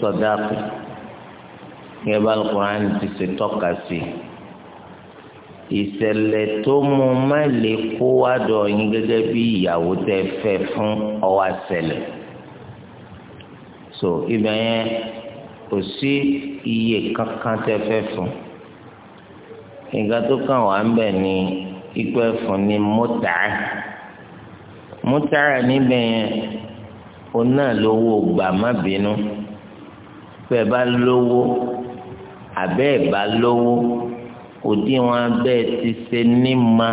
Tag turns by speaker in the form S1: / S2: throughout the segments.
S1: sọdáàkì ní ẹbá alukur'an ti ṣe tọ́ka sí ìṣẹ̀lẹ̀ tó mú má lè kó wá dọ̀ yín gẹ́gẹ́ bí ìyàwó tẹ fẹ́ fún ọwọ́ àṣẹlẹ̀ so ibẹ̀ yẹn kò sí iye kankan tẹ fẹ́ fún ìgbà tó kàn wá ń bẹ̀ ni ikú ẹ̀fọn ni mọ́tà mọ́tà níbẹ̀ yẹn òun náà lówó gbà má bínú bẹ́ẹ̀ bá lówó àbẹ́ ẹ̀ bá lówó òdiwọ̀n abẹ́ ẹ ti ṣe ní ma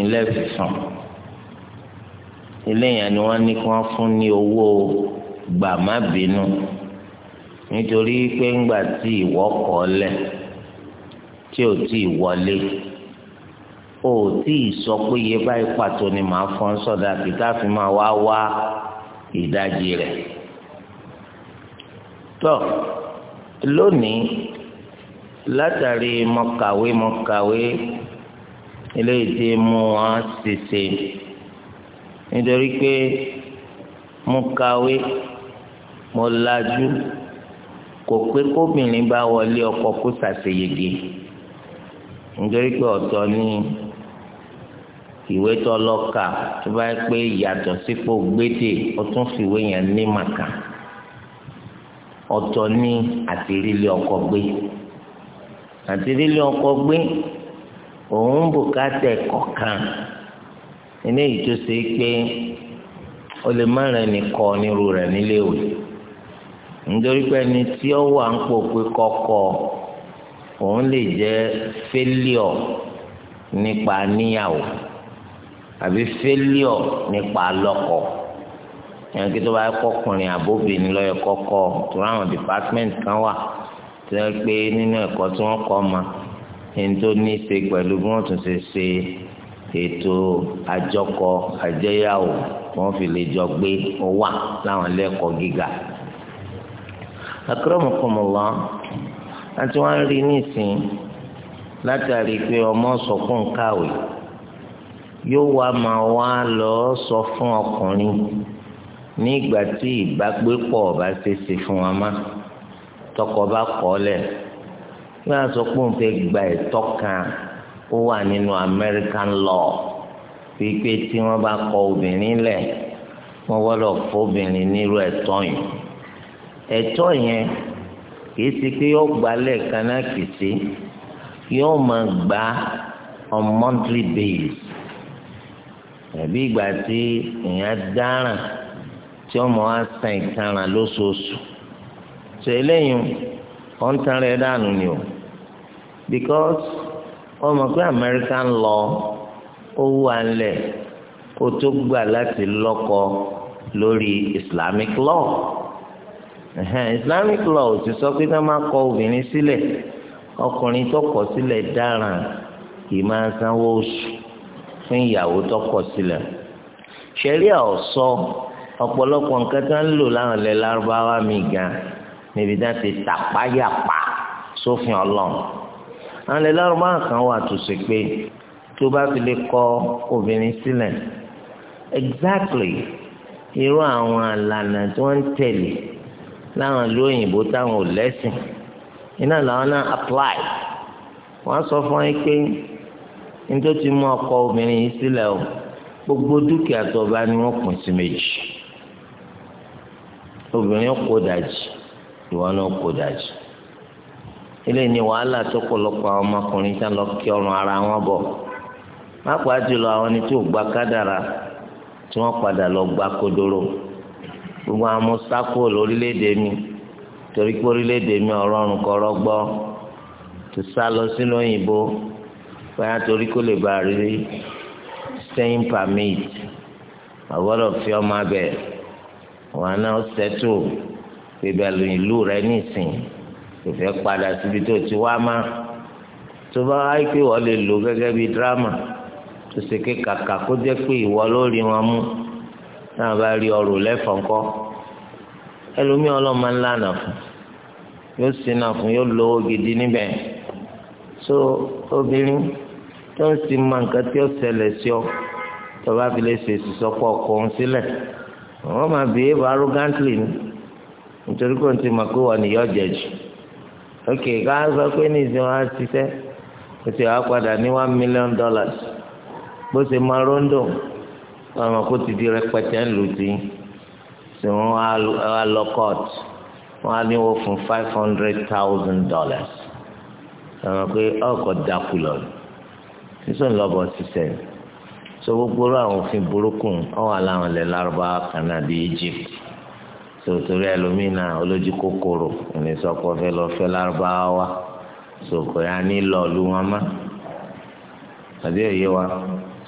S1: ilé fífàn ilé yẹn ni wọ́n ní kí wọ́n fún ní owó gbàmábínú nítorí pé ńgbà tí ìwọ kọ lẹ̀ tí ò tí ì wọlé o ò tí ì sọ pé iye báyìí pàtó ni màá fọ́n sọ̀dà kí káfí máa wá wá ìdajì rẹ̀ tọ́ lónìí látàrí mọ̀kàwé mọ̀kàwé eléyìí ti mú wọn ṣèṣe nítorí pé mo kàwé mo lajú kò pé kóbìnrin bá wọlé ọkọ kó ṣàṣeyege nítorí pé ọ̀tọ̀ ní ìwé tọ́lọ́kà tó bá pé yàtọ̀ sípò gbédè ó tún fìwé yẹn ní màkà. ọ̀tọ̀ ní àtìrílé ọkọ gbé àtìrílé ọkọ gbé òun bùkátà ẹ̀kọ́ kan eléyìí tó pé o lè má rẹ nìkọ nírú rẹ níléèwé nítorí pé ẹni tí ó wà ń pò pé kọ́kọ́ òun lè jẹ fẹ́líọ̀ nípa níyàwó àbí fẹ́líọ̀ nípa lọ́kọ̀ọ́ yẹn kí tó bá kọkùnrin àbóbìnrin lọ́yọ̀ kọ́kọ́ tó ráwọn department kan wà tó yẹ pé nínú ẹ̀kọ́ tí wọ́n kọ́ ma ẹni tó ní í ṣe pẹ̀lú bí wọ́n tún ṣe ṣe ètò àjọkọ àjẹyàwó wọ́n fi lè jọ gbé wà láwọn ilé ẹ̀kọ́ gíga. akérèmọkùnmọ̀lá àti wọ́n rí nísìn látàrí pé ọmọ sọkún kàwé yóò wá máa wá lọ sọ fún ọkùnrin. So ní ìgbà tí ìbágbépọ̀ bá ṣe ṣe fún wa má tọkọ bá kọ̀ ọ́ lẹ̀ bí wọ́n sọ pé òun fẹ́ gba ẹ̀tọ́ kan ó wà nínú American law wípé tí wọ́n bá kọ obìnrin lẹ̀ wọ́n wọ́lọ̀ fóbìnrin nírú ẹ̀tọ́ yìí ẹ̀tọ́ yẹn kìí ṣe pé yóò gbà lẹ́ẹ̀kan náà kìí yóò máa gbà on monthly base. tàbí ìgbà tí èèyàn dáràn. tí ọmọ wa san ìtanràn lóṣooṣù so eléyìn wọn tanra ẹ dànù ni o because ọmọ pé American law ó wà nílẹ̀ kó tó gbà láti lọ́kọ lórí Islamic law Islamic law ti sọ pé ká máa kọ obìnrin sílẹ̀ ọkùnrin tọkọ kọ sílẹ̀ dáràn kì í máa sanwó oṣù fún ìyàwó tọkọ kọ sílẹ̀ ṣẹ̀ríà ọ̀pọ̀lọpọ̀ nǹkan tí wọ́n ń lò láwọn ilẹ̀ lárúbáwá mi gan níbi tí wọ́n ti tàpáyàpá sófin ọlọ́run àwọn ilẹ̀ lárúbáwá kan wà tó ṣe pé tó bá fi lè kọ obìnrin sílẹ̀ exactly irú àwọn àlànà tí wọ́n ń tẹ̀lé láwọn ìlú òyìnbó táwọn ò lẹ́sìn iná làwọn náà apply wọ́n sọ fún yín pé nítorí tí mo ọkọ obìnrin yìí sílẹ̀ o gbogbo dúkìá tó bá ní wọ́n pín sí méjì obìnrin kó dàjì ìwọ náà kó dàjì ilé ní wàhálà tó pọ̀lọpọ̀ àwọn ọmọkùnrin tá lọ kí ọrùn ara wọn bọ̀ má pàá jùlọ àwọn ẹni tí ò gba kádàrà tí wọ́n padà lọ gba kodoro gbogbo àwọn ọmọ sáko lórílẹ̀-èdè mi torí pé orílẹ̀-èdè mi ọ̀rọ̀rùn kọ̀rọ̀ gbọ́ tó sá lọ sínú òyìnbó bóyá torí kó lè bá rí staying permit àgbọ́dọ̀ fi ọmọ abẹ́ẹ̀ wọn náà ṣètò ìbẹ̀lú ìlú rẹ nìsín kò fẹ́ padà síbi tó ti wá má tó bá wáyé pé wọ́n lè lò gẹ́gẹ́ bí dírámà tó ṣe ké kàkà kó jẹ́ pé ìwọ lórí wọn mú náà bá rí ọrùn lẹ́fọ̀ọ́ ńkọ́ ẹlòmíràn ọlọ́mọ ńlá nà fún yóò sinà fún yóò lówó gidi níbẹ̀ so obìnrin tó ń sin mọ nǹkan tí ó ṣẹlẹ̀ sí ọ tó bá fi lè ṣèṣì sọ́kọ̀ ọkọ̀ ń sílẹ̀ àwọn máa behave arrogantly ni nítorí kò ní ti mọ̀ pé wọ́n nìyọ́ jẹ̀jù ok ká sọ pé ní ìsìn wọn á ṣiṣẹ́ kò sì wá padà ní one million dollars bó ṣe máa rondo ọmọ kó ti di rẹpẹtẹ ńlù tí sì wọn á lọ court wọn á ní wọn fún five hundred thousand dollars ọmọ pé ọkọ̀ dákú lọ sísọ ńlọbọ ṣiṣẹ́ yìí. so gbogbo àwọn òfin burúkú ọwọ́ aláwọn ilẹ̀ lárúbáwá kan náà Egypt so torí ẹlòmínà olójú kòkòrò ìnísọkọ fẹ́ lọ wa so kò yá ní wọn mọ́ àbí wa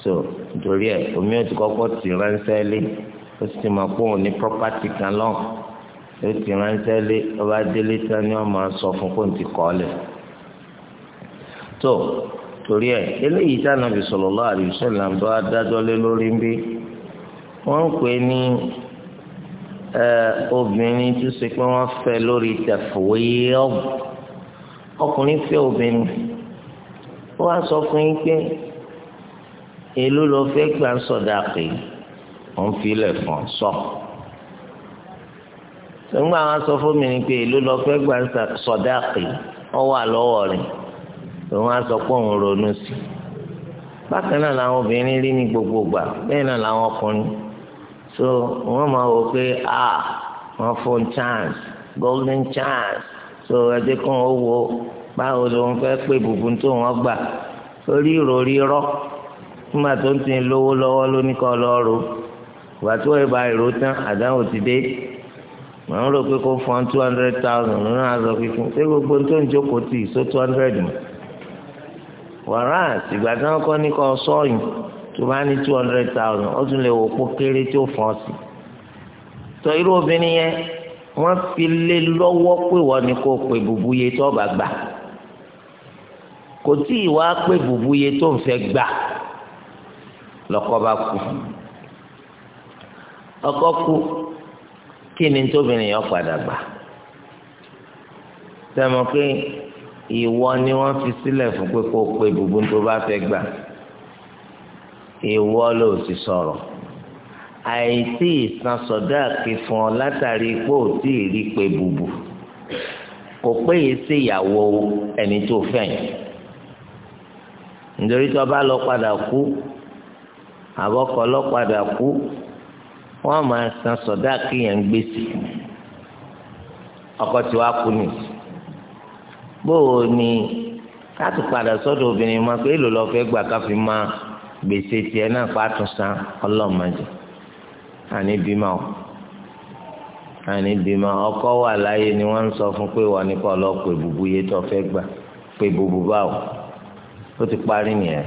S1: so nítorí ẹ omi ò ti kọ́kọ́ ti ránṣẹ́ lé ó sì máa kan ó ti ọba délé tán ni máa torí ẹ eléyìí tí Ànábì sallallahu alaihi wasallam bá dájọ́ lé lórí ń bí wọ́n ń pè ní obìnrin tó ṣe pé wọ́n fẹ́ lórí tẹ̀fọ̀wéyé ọ̀bù ọkùnrin fẹ́ obìnrin ó wá sọ fún yín pé èló ló fẹ́ gbà ń sọ̀dà pé òun fi ilẹ̀ fún ọ sọ. ṣùgbọ́n àwọn sọ fún mi ni pé èló ló fẹ́ gbà ń sọ̀dà pé ọ wà lọ́wọ́ rẹ̀ wọn á sọ pé òun ronú sí bákan náà làwọn obìnrin rí ní gbogbo bẹ́ẹ̀ náà làwọn ọkùnrin so wọ́n máa wò pé ah wọn fún chance golden chance so ẹjẹ kan ó wo báwo ló ń fẹ́ pé bùbùn tó wọ́n gbà orí ìròrí nígbà tó ń ti lówó lọ́wọ́ lóní kan lọ́ọ́ ro ìgbà tó ìbá ìró tán àdáhùn ti dé ń rò pé kó two hundred thousand lónà àzọ fífún ṣé wàrà àtìgbà tí wọ́n kọ́ ní kọ́ sọ́ọ̀yìn tó bá ní two hundred thousand ó tún lè wò pó kéré tí ó fọ́ sí tọ irú obìnrin yẹn wọ́n fi lé lọ́wọ́ pé wọ́n ní kó pe bùbúye tó bá gbà kò tí ì wá pé bùbúye tó ń fẹ́ gbà lọ́kọ bá kú ọkọ kú kí ni tóbìnrin yẹn padà gbà sẹ́mo pé ìwọ ni wọ́n fi sílẹ̀ fún pé kó o pe bùbùn tó bá fẹ́ gbà ìwọ ló sì sọ̀rọ̀ àìsí ìsan sọdọ àti fún ọ látàrí pé ò tí ì rí pé bùbù kò pé yìí sí ìyàwó ẹni tó fẹ̀yìn nítorí tó bá lọ padà kú àbọ̀kọ lọ padà kú wọ́n máa san sọdọ àti yẹn gbèsè ọkọ tí wàá kú nìyí bóò ni láti padà sọ́dọ̀ obìnrin máa pé èlò lọ́ọ́ fẹ́ gbà ká fi máa gbèsè tiẹ̀ náà pàtó san ọlọ́mọdé àní bímọ àní bímọ ọkọ wà láyé ni wọ́n ń sọ fún pé wà nípa ọlọ́pẹ̀ bùbú yé tó fẹ́ gbà pé bùbú báwò ó ti parí nìyẹn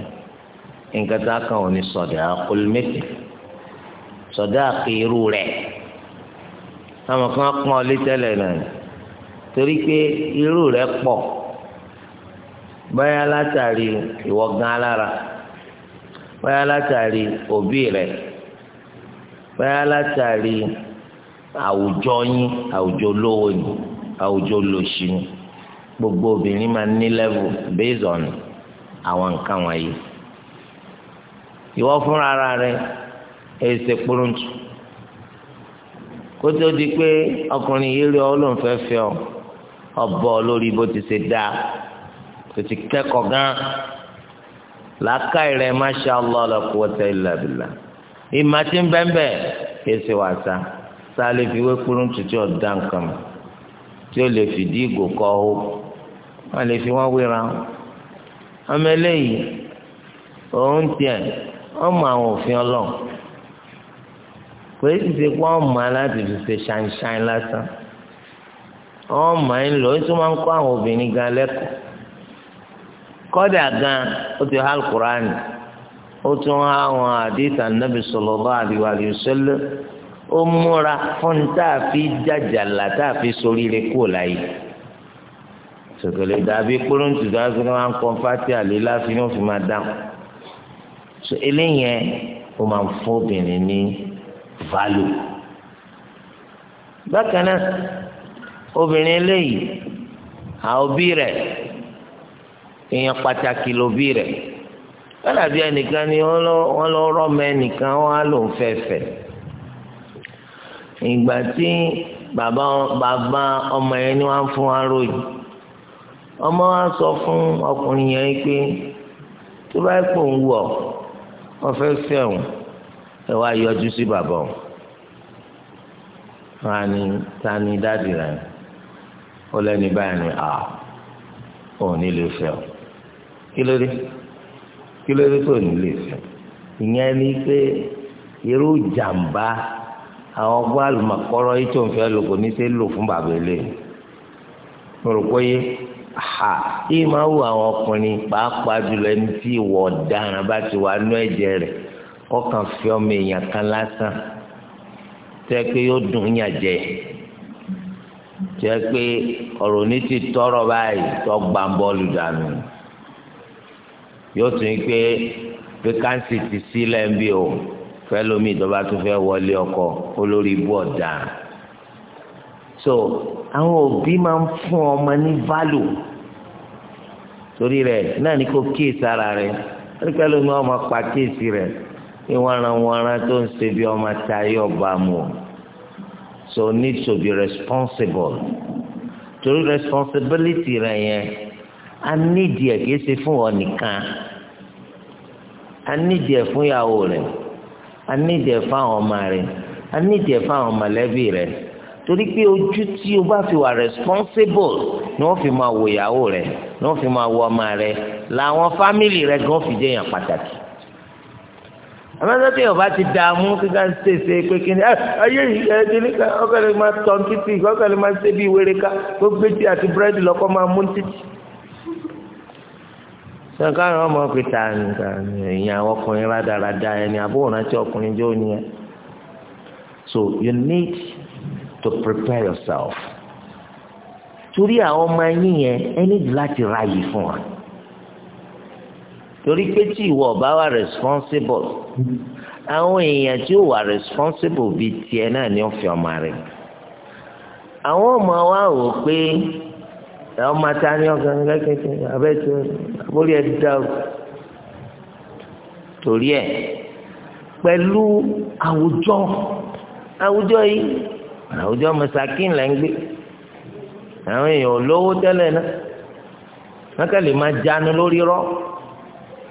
S1: nǹkan tá a kàn ò ní sọ̀dẹ̀ àkọlùmẹ́tì sọ̀dẹ̀ àkè rẹ, rẹ̀ àwọn kan pọn ọ létẹ́lẹ̀ náà torí pé irú rẹ̀ pọ̀ báyà látàrí ìwọ gan alára báyà látàrí òbí rẹ̀ báyà látàrí àwùjọ yín àwùjọ olówó ni àwùjọ olóṣì ni gbogbo obìnrin máa ní level based on àwọn nǹkan wọ̀nyí ìwọ fúnra ara rẹ èsè kpọrọǹtù kótó di pé ọkùnrin yìí rí ọ ló ń fẹ́ fẹ́ ọ ọbọ lórí bó ti ṣe dáa tó ti kẹ́kọ̀ọ́ gan làákàyè rẹ̀ masha allah la quwwata illa billah ìmà tí ń bẹ́ńbẹ́ kéésì wà sá sá lè fi wé kúrún tuntun ọ̀dá nǹkan mọ̀ tí ó lè fìdí ìgò kọ́ ọ́ wọ́n lè fi wọ́n wéra wọn. ọmọ eléyìí òun tiẹ̀ wọ́n àwọn òfin ọlọ́run kò é sì ṣe pé aláàtì fi ṣe ṣàǹṣàǹ lásán wọ́n máa ń lò ó tún máa ń kọ́ àwọn obìnrin gan lẹ́kọ̀ọ́ kọ́dà gan ó ti hàn kúránì ó tún hàn àwọn àdìsí ànábì sallallahu alaihi wasallam ó múra fún táàfi jàjàlá táàfi soríire kúrò láyé sọ̀kẹ̀lẹ̀ dàbí kúrúǹtì tó wáṣọ máa ń kọ́ fátì àlélá fi ní òfin máa dáhùn so eléyẹn ó máa ń fún obìnrin ní value bákan náà obìnrin eléyìí àwọn òbí rẹ̀ èèyàn pàtàkì lòbí rẹ̀ wọ́n dàbí ẹnìkan ni wọ́n lọ rọ́mọ ẹnìkan wọ́n á lò ń fẹ́fẹ́ ìgbà tí bàbá bàbá ọmọ yẹn ni wọ́n fún wa ròyìn ọmọ wa sọ fún ọkùnrin yẹn pé tó bá pò ń wọ̀ wọ́n fẹ́ fẹ́hùn ẹ wá yọjú sí bàbá wọn. wọ́n á ní ta dáàdì rẹ̀ ó lẹ́ni báyìí ni à ò ní lè fẹ́ ọ kí ló dé kí ló dé tó ní lè fẹ́ ìyẹn ni pé irú jàǹbá àwọn ọgbọ́n yìí tó ń fẹ́ lò kò ní ṣe lò fún bàbá eléyìí mo rò pé ha máa wù àwọn ọkùnrin pàápàá jùlọ ẹni tí ìwọ ọ̀daràn bá ti wà nú ọkàn fi ọmọ èèyàn kan lásán pé yóò dùn yàn tẹ pé ọ̀rọ̀ ní ti tọrọ báyìí tó gbà ń bọ́ọ̀lù dànù yóò tún yí pé vacancy ti sílẹ̀ ń bí o fẹ́ lómi ìjọba tó fẹ́ wọlé ọkọ olórí ibú ọ̀dà so àwọn òbí máa ń fún ọmọ ní value torí rẹ náà ní kò kíyèsí ara rẹ ẹnikẹ́ lómi ọmọ pa kíyèsí rẹ ìwọ̀n ara wọn ara tó ń ṣe bí ọmọ tayé ọba mu o so need to be responsible torí responsibility rẹ yẹn a need yẹ kìí ṣe fún ọ nìkan a need yẹ fún ìyàwó rẹ a need yẹ fún àwọn ọmọ rẹ a need yẹ fún àwọn mọ̀lẹ́bí rẹ torí pé ojú tí o bá fi wà responsible ni wọ́n fi máa wo ìyàwó rẹ ni wọ́n fi máa wo ọmọ rẹ làwọn fámìlì rẹ gan fi jẹyàn pàtàkì àmọ́tọ́ tí ti dààmú kíkà ń ṣèṣe pé kí ni ah, ayé ìdílé ká ọkọ̀lẹ̀ máa tọ̀ títì ọkọ̀lẹ̀ máa ṣe bí wéré ká tó gbé tí àti búrẹ́dì lọ́kọ́ máa mú títì. sọ̀kárọ̀ ọmọ pé tààní tààní ọkùnrin rádaràda ẹni àbúrò rántí ọkùnrin jẹ́ òní ẹ. So you need to prepare yourself. torí àwọn ọmọ ẹ̀yìn yẹn ẹ ní láti ráàyè fún wa torí pé tí ìwọ ọba wà responsible àwọn èèyàn tí ó wà responsible bíi tiẹ̀ náà ni ó fi ọmọ rẹ̀ àwọn ọmọ wa wò pé ọmọ ta ni ọgàn kẹkẹkẹ abẹ́tí abórí ẹ̀ dá o torí ẹ̀ pẹ̀lú àwùjọ àwùjọ yìí àwùjọ mọ̀sákìn là ń gbé àwọn èèyàn olówó tẹ́lẹ̀ náà wọ́n kẹ́lẹ̀ máa jánu lórí rọ́ọ̀.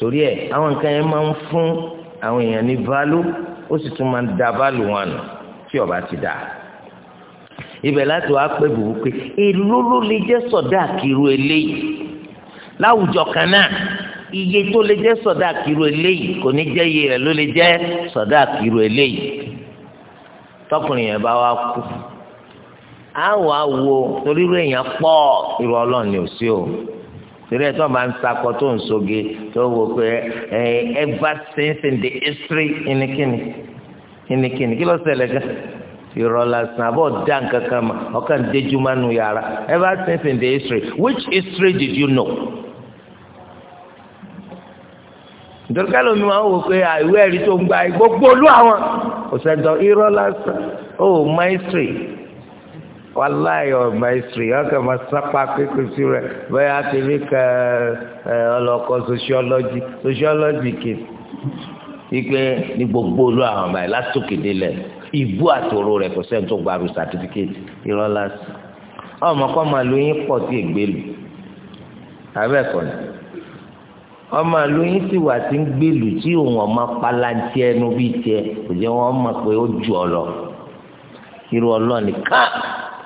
S1: torí ẹ̀ àwọn nǹkan yẹn máa ń fún àwọn èèyàn ní value ó sì tún máa ń da value wọn nù tí ọba ti dà ibẹ̀ láti wàá pé bùbù pé èló ló lè jẹ́ sọ̀dá kiri eléyìí láwùjọ kan náà iye tó lè jẹ́ sọ̀dá kiri eléyìí kò ní jẹ́ iye rẹ̀ ló lè jẹ́ sọ̀dá kiri eléyìí tọkùnrin yẹn bá wá kú á wàá torí rẹ̀ yẹn pọ̀ irú ọlọ́ọ̀ni ò sí o torí ẹ tó máa ń sakọ tó ń soge tó wò pé ẹ ever since in the history Inikini, inikini. kí ló ṣẹlẹ̀ gan irọ́ lásán àbọ̀ dá nǹkan kan mà ọkàn déjúmọ́ yàrá ever since in the history which history did you know? nítorí ká lómi máa ń wò pé àìwé ẹ̀rí tó ń gba gbogbo olú àwọn kò sẹ́ńtọ̀ irọ́ lásán oh, wàláyé ọgbà ìsìrì ọkàn máa sápá pípínsí rẹ bẹ́ẹ̀ àtẹ̀lé kẹ ẹ ọlọ́kọ sociology sociology kì í pé ní gbogbo olú àwọn ọmọ yìí látòkè délẹ̀ ìbú àtòrò rẹ kò sẹ́ni tó gbaru certificate ìrọ́lá sí ọmọ kọ́ máa lo yín pọ̀ sí ìgbélu abẹ́ẹ̀kọ́ ni ọmọ àlóyún ti wà tí ń gbèlú tí òun ọmọ palantí ẹnu bíi tiẹ̀ kò jẹ́ wọ́n mọ̀ pé ó jù ọ lọ irú ọlọ́ọ̀nì ká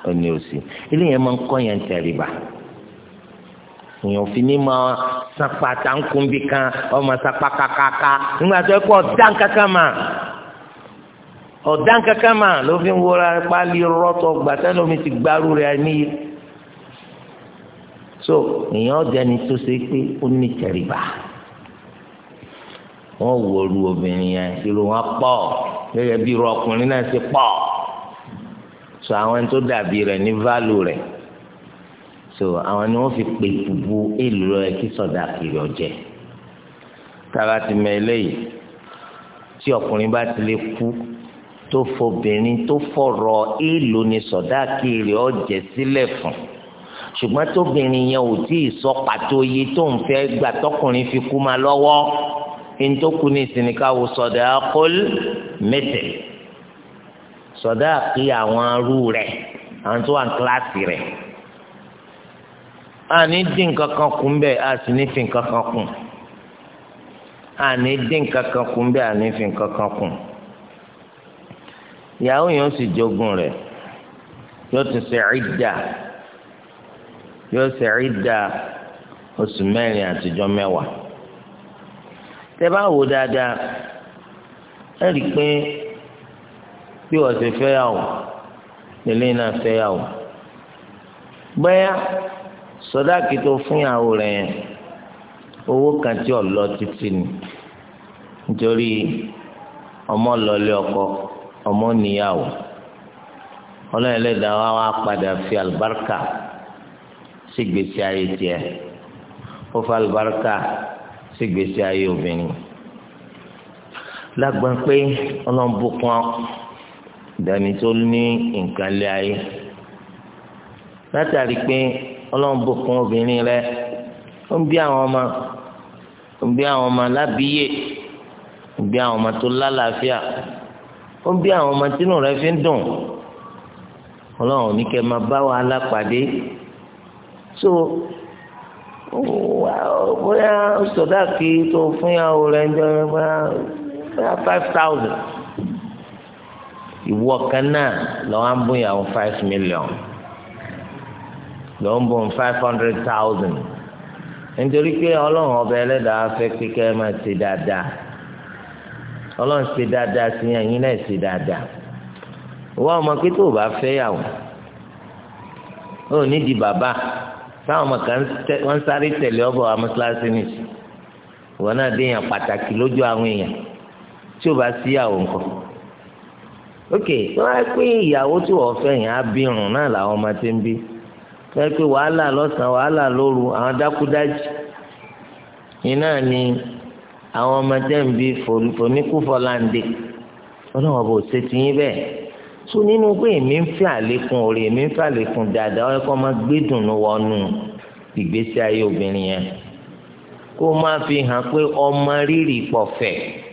S1: ẹni òsì eléyìí máa ń kọ́ yẹn tẹríba èèyàn fi ní máa sapa tankunbi kan ọmọ sapa kakaka nígbà tó ẹ kọ́ ọ̀dán kankan mà ọ̀dán kankan mà ló fi ń wọra pálí rọ́tọ̀ gbàtẹ́ lómi ti gbárù rẹ̀ níyì so èèyàn jẹni tó ṣe pé ó ní tẹríba wọ́n wọ̀ọ́rù obìnrin yẹn irun wọn pọ̀ gẹ́gẹ́ bí irun ọkùnrin náà ṣe pọ̀ so àwọn tó dàbí rẹ̀ ní válù rẹ̀ so àwọn ni wọ́n fi pè gbogbo èlò ẹ kí sọ̀dà kiri ọ̀jẹ̀ tára ti mọ eléyìí tí ọkùnrin bá ti lè kú tó fobìnrin tó fọ̀rọ̀ èlò ni sọ̀dà kiri ọ̀jẹ̀ sílẹ̀ fún ṣùgbọ́n tóbìnrin yẹn ò tí ì sọ pàtó iye tó ń fẹ́ gbà tọkùnrin fi kú ma lọ́wọ́ ní tó wò sọ̀dà kọ́l mẹ́tẹ̀ẹ́ sọdá àti àwọn arú rẹ̀ àwọn tó wà ní kíláàsì rẹ̀ àní dín nǹkan kan kù ń bẹ àti ní fi nǹkan kan kù àní dín nǹkan kan kù ń bẹ àní fi nǹkan kan ìyàwó yẹn ó sì jogún rẹ̀ yóò tún ṣe ìdá yóò ṣe ìdá oṣù mẹ́rin àtijọ́ mẹ́wàá tẹ́ bá wò dáadáa ẹ rí i pé bí wọ́n ṣe fẹ́ yàwó lélẹ́ náà fẹ́ yàwó bẹ́ẹ̀ sọdáàkì tó fún yàwó rẹ̀ yẹn owó kan tí ò lọ títí ni nítorí ọmọ lọlé ọkọ ọmọ níyàwó ọlọ́run ẹlẹ́dàá wa wá padà fi àlùbáríkà sí gbèsè ayé tiẹ̀ ó fa àlùbáríkà sí gbèsè ayé obìnrin lágbọ́n pé ọlọ́run bùkún ọ dání tó ní nǹkan lé ayé látàrí pé ọlọ́run bùkún obìnrin rẹ ó ń bí àwọn ọmọ ó ń bí àwọn ọmọ lábíyè ó ń bí àwọn ọmọ tó lálàáfíà ó ń bí àwọn ọmọ tínú rẹ fi ń dùn ọlọ́run ní kẹ́ máa bá wàhálà pàdé so bóyá sọdáàkì tó fún yàwó rẹ ń jẹ five thousand ìwọ kan náà lọ́wọ́ ń bùn ìyàwó five million lọ́wọ́ ń bùn five hundred thousand nítorí pé ọlọ́run ọba ẹlẹ́dàá fẹ́ pé kẹ́ ẹ máa ṣe dáadáa ọlọ́run ṣe dáadáa sí ẹ̀yin náà ṣe dáadáa ìwọ ọmọ pé tó bá fẹ́ yàwó ó ní di bàbá táwọn ọmọ kan wọ́n sáré tẹ̀lé ọbọ̀ amúsíláṣí nìyí ìwọ náà dé èèyàn pàtàkì lójú àwọn èèyàn tí o bá sí yàwó nǹkan ok wọ́n á pé ìyàwó tí wọ́n fẹ́ yẹn á bírun náà làwọn ọmọ ti ń bí wọ́n á pé wàhálà lọ́sàn-án wàhálà lóru àwọn dákúdájì yìí náà ni àwọn ọmọ tẹ́ ń bí foníkúfọ́láńdé ọlọ́wọ́n bò ṣe ti yín bẹ́ẹ̀ tó nínú pé èmi ń fẹ́ àlékún orí èmi ń fẹ́ àlékún dáadáa ọ̀ẹ́kọ́ máa gbé wọnú ìgbésí ayé obìnrin yẹn kó máa fi hàn pé ọmọ rírì pọ̀ fẹ́ẹ́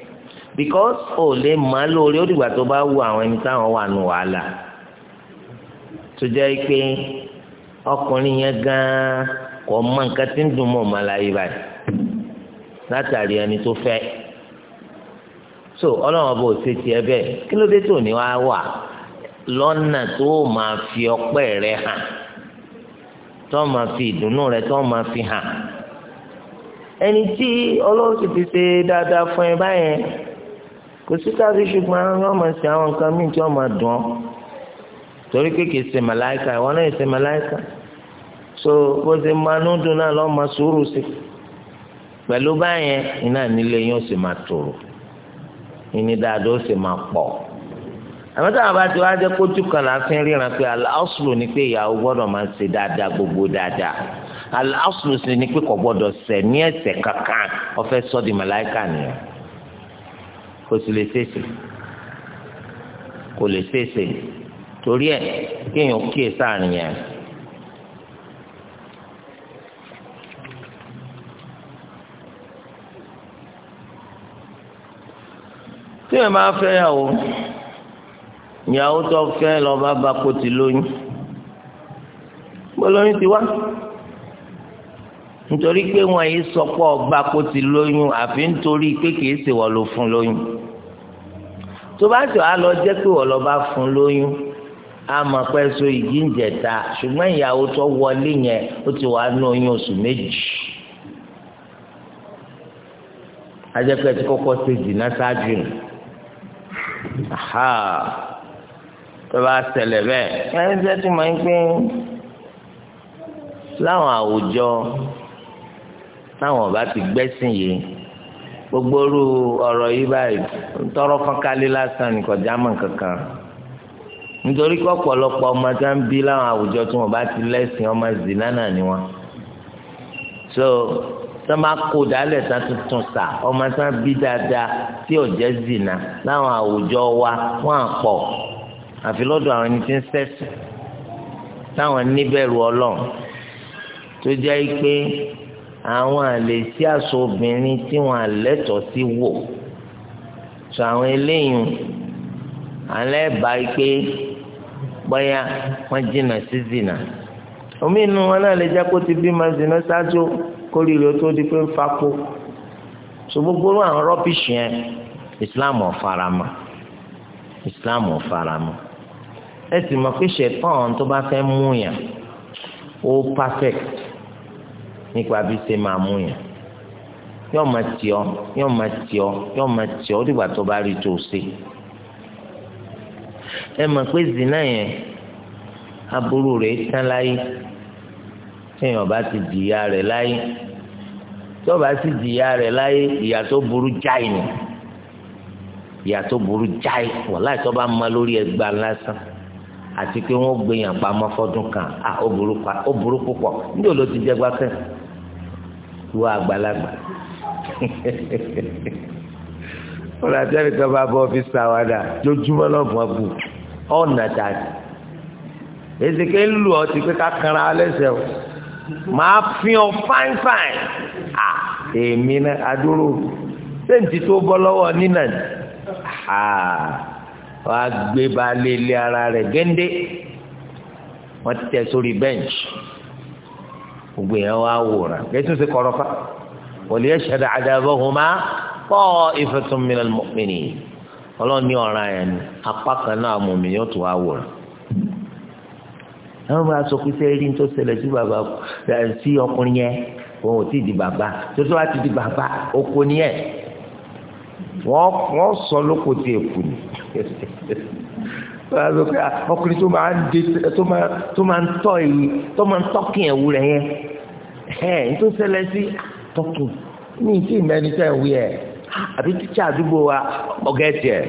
S1: because ò lè mọ lórí ó dìgbà tó bá wù àwọn ẹni táwọn wà nù wàhálà tó jẹ́ pé ọkùnrin yẹn gan-an kò mọ nǹkan tí ń dùn mọ́ ọmọ aláyé báyìí látàrí ẹni tó fẹ́ so ọlọ́run bò ṣe tiẹ̀ bẹ́ẹ̀ kí ló dé tó ní wá wà lọ́nà tó máa fi ọpẹ́ rẹ hàn tó máa fi ìdùnnú rẹ tó máa fi hàn ẹni tí ọlọ́run sì ti ṣe dáadáa fún ẹ báyẹn kò sí káfí ṣùgbọ́n wọ́n máa ṣe àwọn nǹkan míì tí wọ́n máa dùn ọ́ torí kéèké ṣe màláìka ìwọ náà ṣe màláìka so bó ṣe máa ń dùn náà lọ́ọ́ máa sùúrù sí pẹ̀lú báyẹn iná nílé yín ó sì máa tòrò ìní dáadọ́ ó sì máa pọ̀ àmọ́ táwọn bá ti wá jẹ́ kójú kan láti ríran pé aláṣùlù ni pé ìyàwó gbọ́dọ̀ máa ṣe dáadáa gbogbo dáadáa aláṣùlù sì ni pé kò gbọ́dọ̀ ṣẹ̀ ní ẹ̀ṣẹ̀ kankan ó fẹ́ di màláìka nìyẹn kò sì lè ṣèṣe kò lè ṣèṣe torí ẹ kéèyàn kíyè sáàrin yẹn. tí ẹ máa fẹ́ yàwó ìyàwó tó fẹ́ lọ́ba bá kó ti lóyún gbólóyún ti wá nítorí pé wọn yìí sọ pé kó ti lóyún àfi nítorí pé kìí ṣèwọ ló fún lóyún tó bá tó a lọ jẹ́ pé wọ́n lọ bá fún lóyún a mọ̀ pé so ìdí ń jẹ̀ta ṣùgbọ́n ìyàwó tó wọlé yẹn ó ti wà ní oyún oṣù méjì ajẹ́pẹ́ ti kọ́kọ́ ṣe jìnnà ṣáájú nù tó bá ṣẹlẹ̀ bẹ́ẹ̀ ẹni tẹ́ tí mo ń pín láwọn àwùjọ táwọn ọba ti gbẹ́sìn yìí gbogbo ru ọ̀rọ̀ yìí báyìí ntọrọ fọnkálí lásán ní kọjá mọ́ kankan nítorí pé ọ̀pọ̀lọpọ̀ ọmọ tí wọ́n bí láwọn àwùjọ tí wọ́n bá ti lẹ́sìn ọmọ zina náà ni wọ́n so tó máa kó dálẹ̀ tán tuntun sà ọmọ tí wọ́n bí dáadáa tí ò jẹ́ zina láwọn àwùjọ wa wọ́n à pọ̀ àfi lọ́dọ̀ àwọn ẹni tí ń sẹ́sìn táwọn níbẹ̀rù ọlọ́run tó jẹ́ pé àwọn àlèsí àṣọ obìnrin tí wọn àlẹ́tọ̀ sí wò sọ àwọn eléyìí alẹ́ báyìí pé bóyá wọ́n jìnnà sí zina omi inú wọn náà lè jẹ́ kó ti bímọ zina ṣáájú kórìíra tó di pé ń fakó so gbogbo àwọn rọ́bìṣì yẹn Islam ò faramọ́ Islam ò faramọ́ ẹ sì mọ̀ pé ṣẹ̀tàn tó bá fẹ́ mú yàn ó perfect nípa bí ṣe máa mú yẹn yóò máa tì ọ yóò máa tì ọ yóò máa tì ọ dìgbà tó bá rí tó ṣe ẹ mọ̀ pé zina yẹn aburú rẹ̀ tán láyé téèyàn bá ti jìyà rẹ̀ láyé tó bá sì jìyà rẹ̀ láyé ìyà tó burú jáì ni ìyà tó burú jáì wàláì tó bá ma lórí ẹgbà lásán àti pé wọ́n gbé yàn pamọ́ fọ́dún kan ó burú púpọ̀ níbi ló ti jẹ́ gbáfẹ́ ìwà àgbàlagbà wọn àti ẹnìkan bá bọ ọfíìsì àwàdà lójúmọ́ náà fún ọgbù ọ̀nà dàdí ezeke ń lù ọ ti pé ká kanra lẹ́sẹ̀ o màá fi ọ fáin fáin à èmi náà adúró sèǹtì tó bọ́ lọ́wọ́ nínà ni wàá gbé balẹ̀ ilé ara rẹ̀ géńdé wọ́n ti tẹ̀ sórí bẹ́ǹchì gbogbo yẹn wá wòran kẹsùn sí kọrọfà wọlé ẹṣẹdá àdàbọhùnmá pọ ìfẹtùn mìíràn mọmìnì Ọlọ́run ní ọ̀ràn yẹn ni apá kan náà mọmìnì yóò tún wá wòran. àwọn bá a sọ pé sẹ́yìn tó ṣẹlẹ̀ sí bàbá sí ọkùnrin yẹn òun ò tí ì di bàbá tó tó wá ti di bàbá oko nìyẹn wọ́n sọ lóko tí èkó ni. Ah, ọkùnrin tó máa ń de tó máa ń tọ́ èyí tó máa ń tọ́kìn ẹ̀wù rẹ̀ yẹn ẹ̀ ń tó ṣẹlẹ̀ sí tọ́kìn ní ìtì ìmẹ́ni tẹ̀ wí ẹ̀ ah, àbí tíṣà àdúgbò wa ọ̀gá ẹ̀ tiẹ̀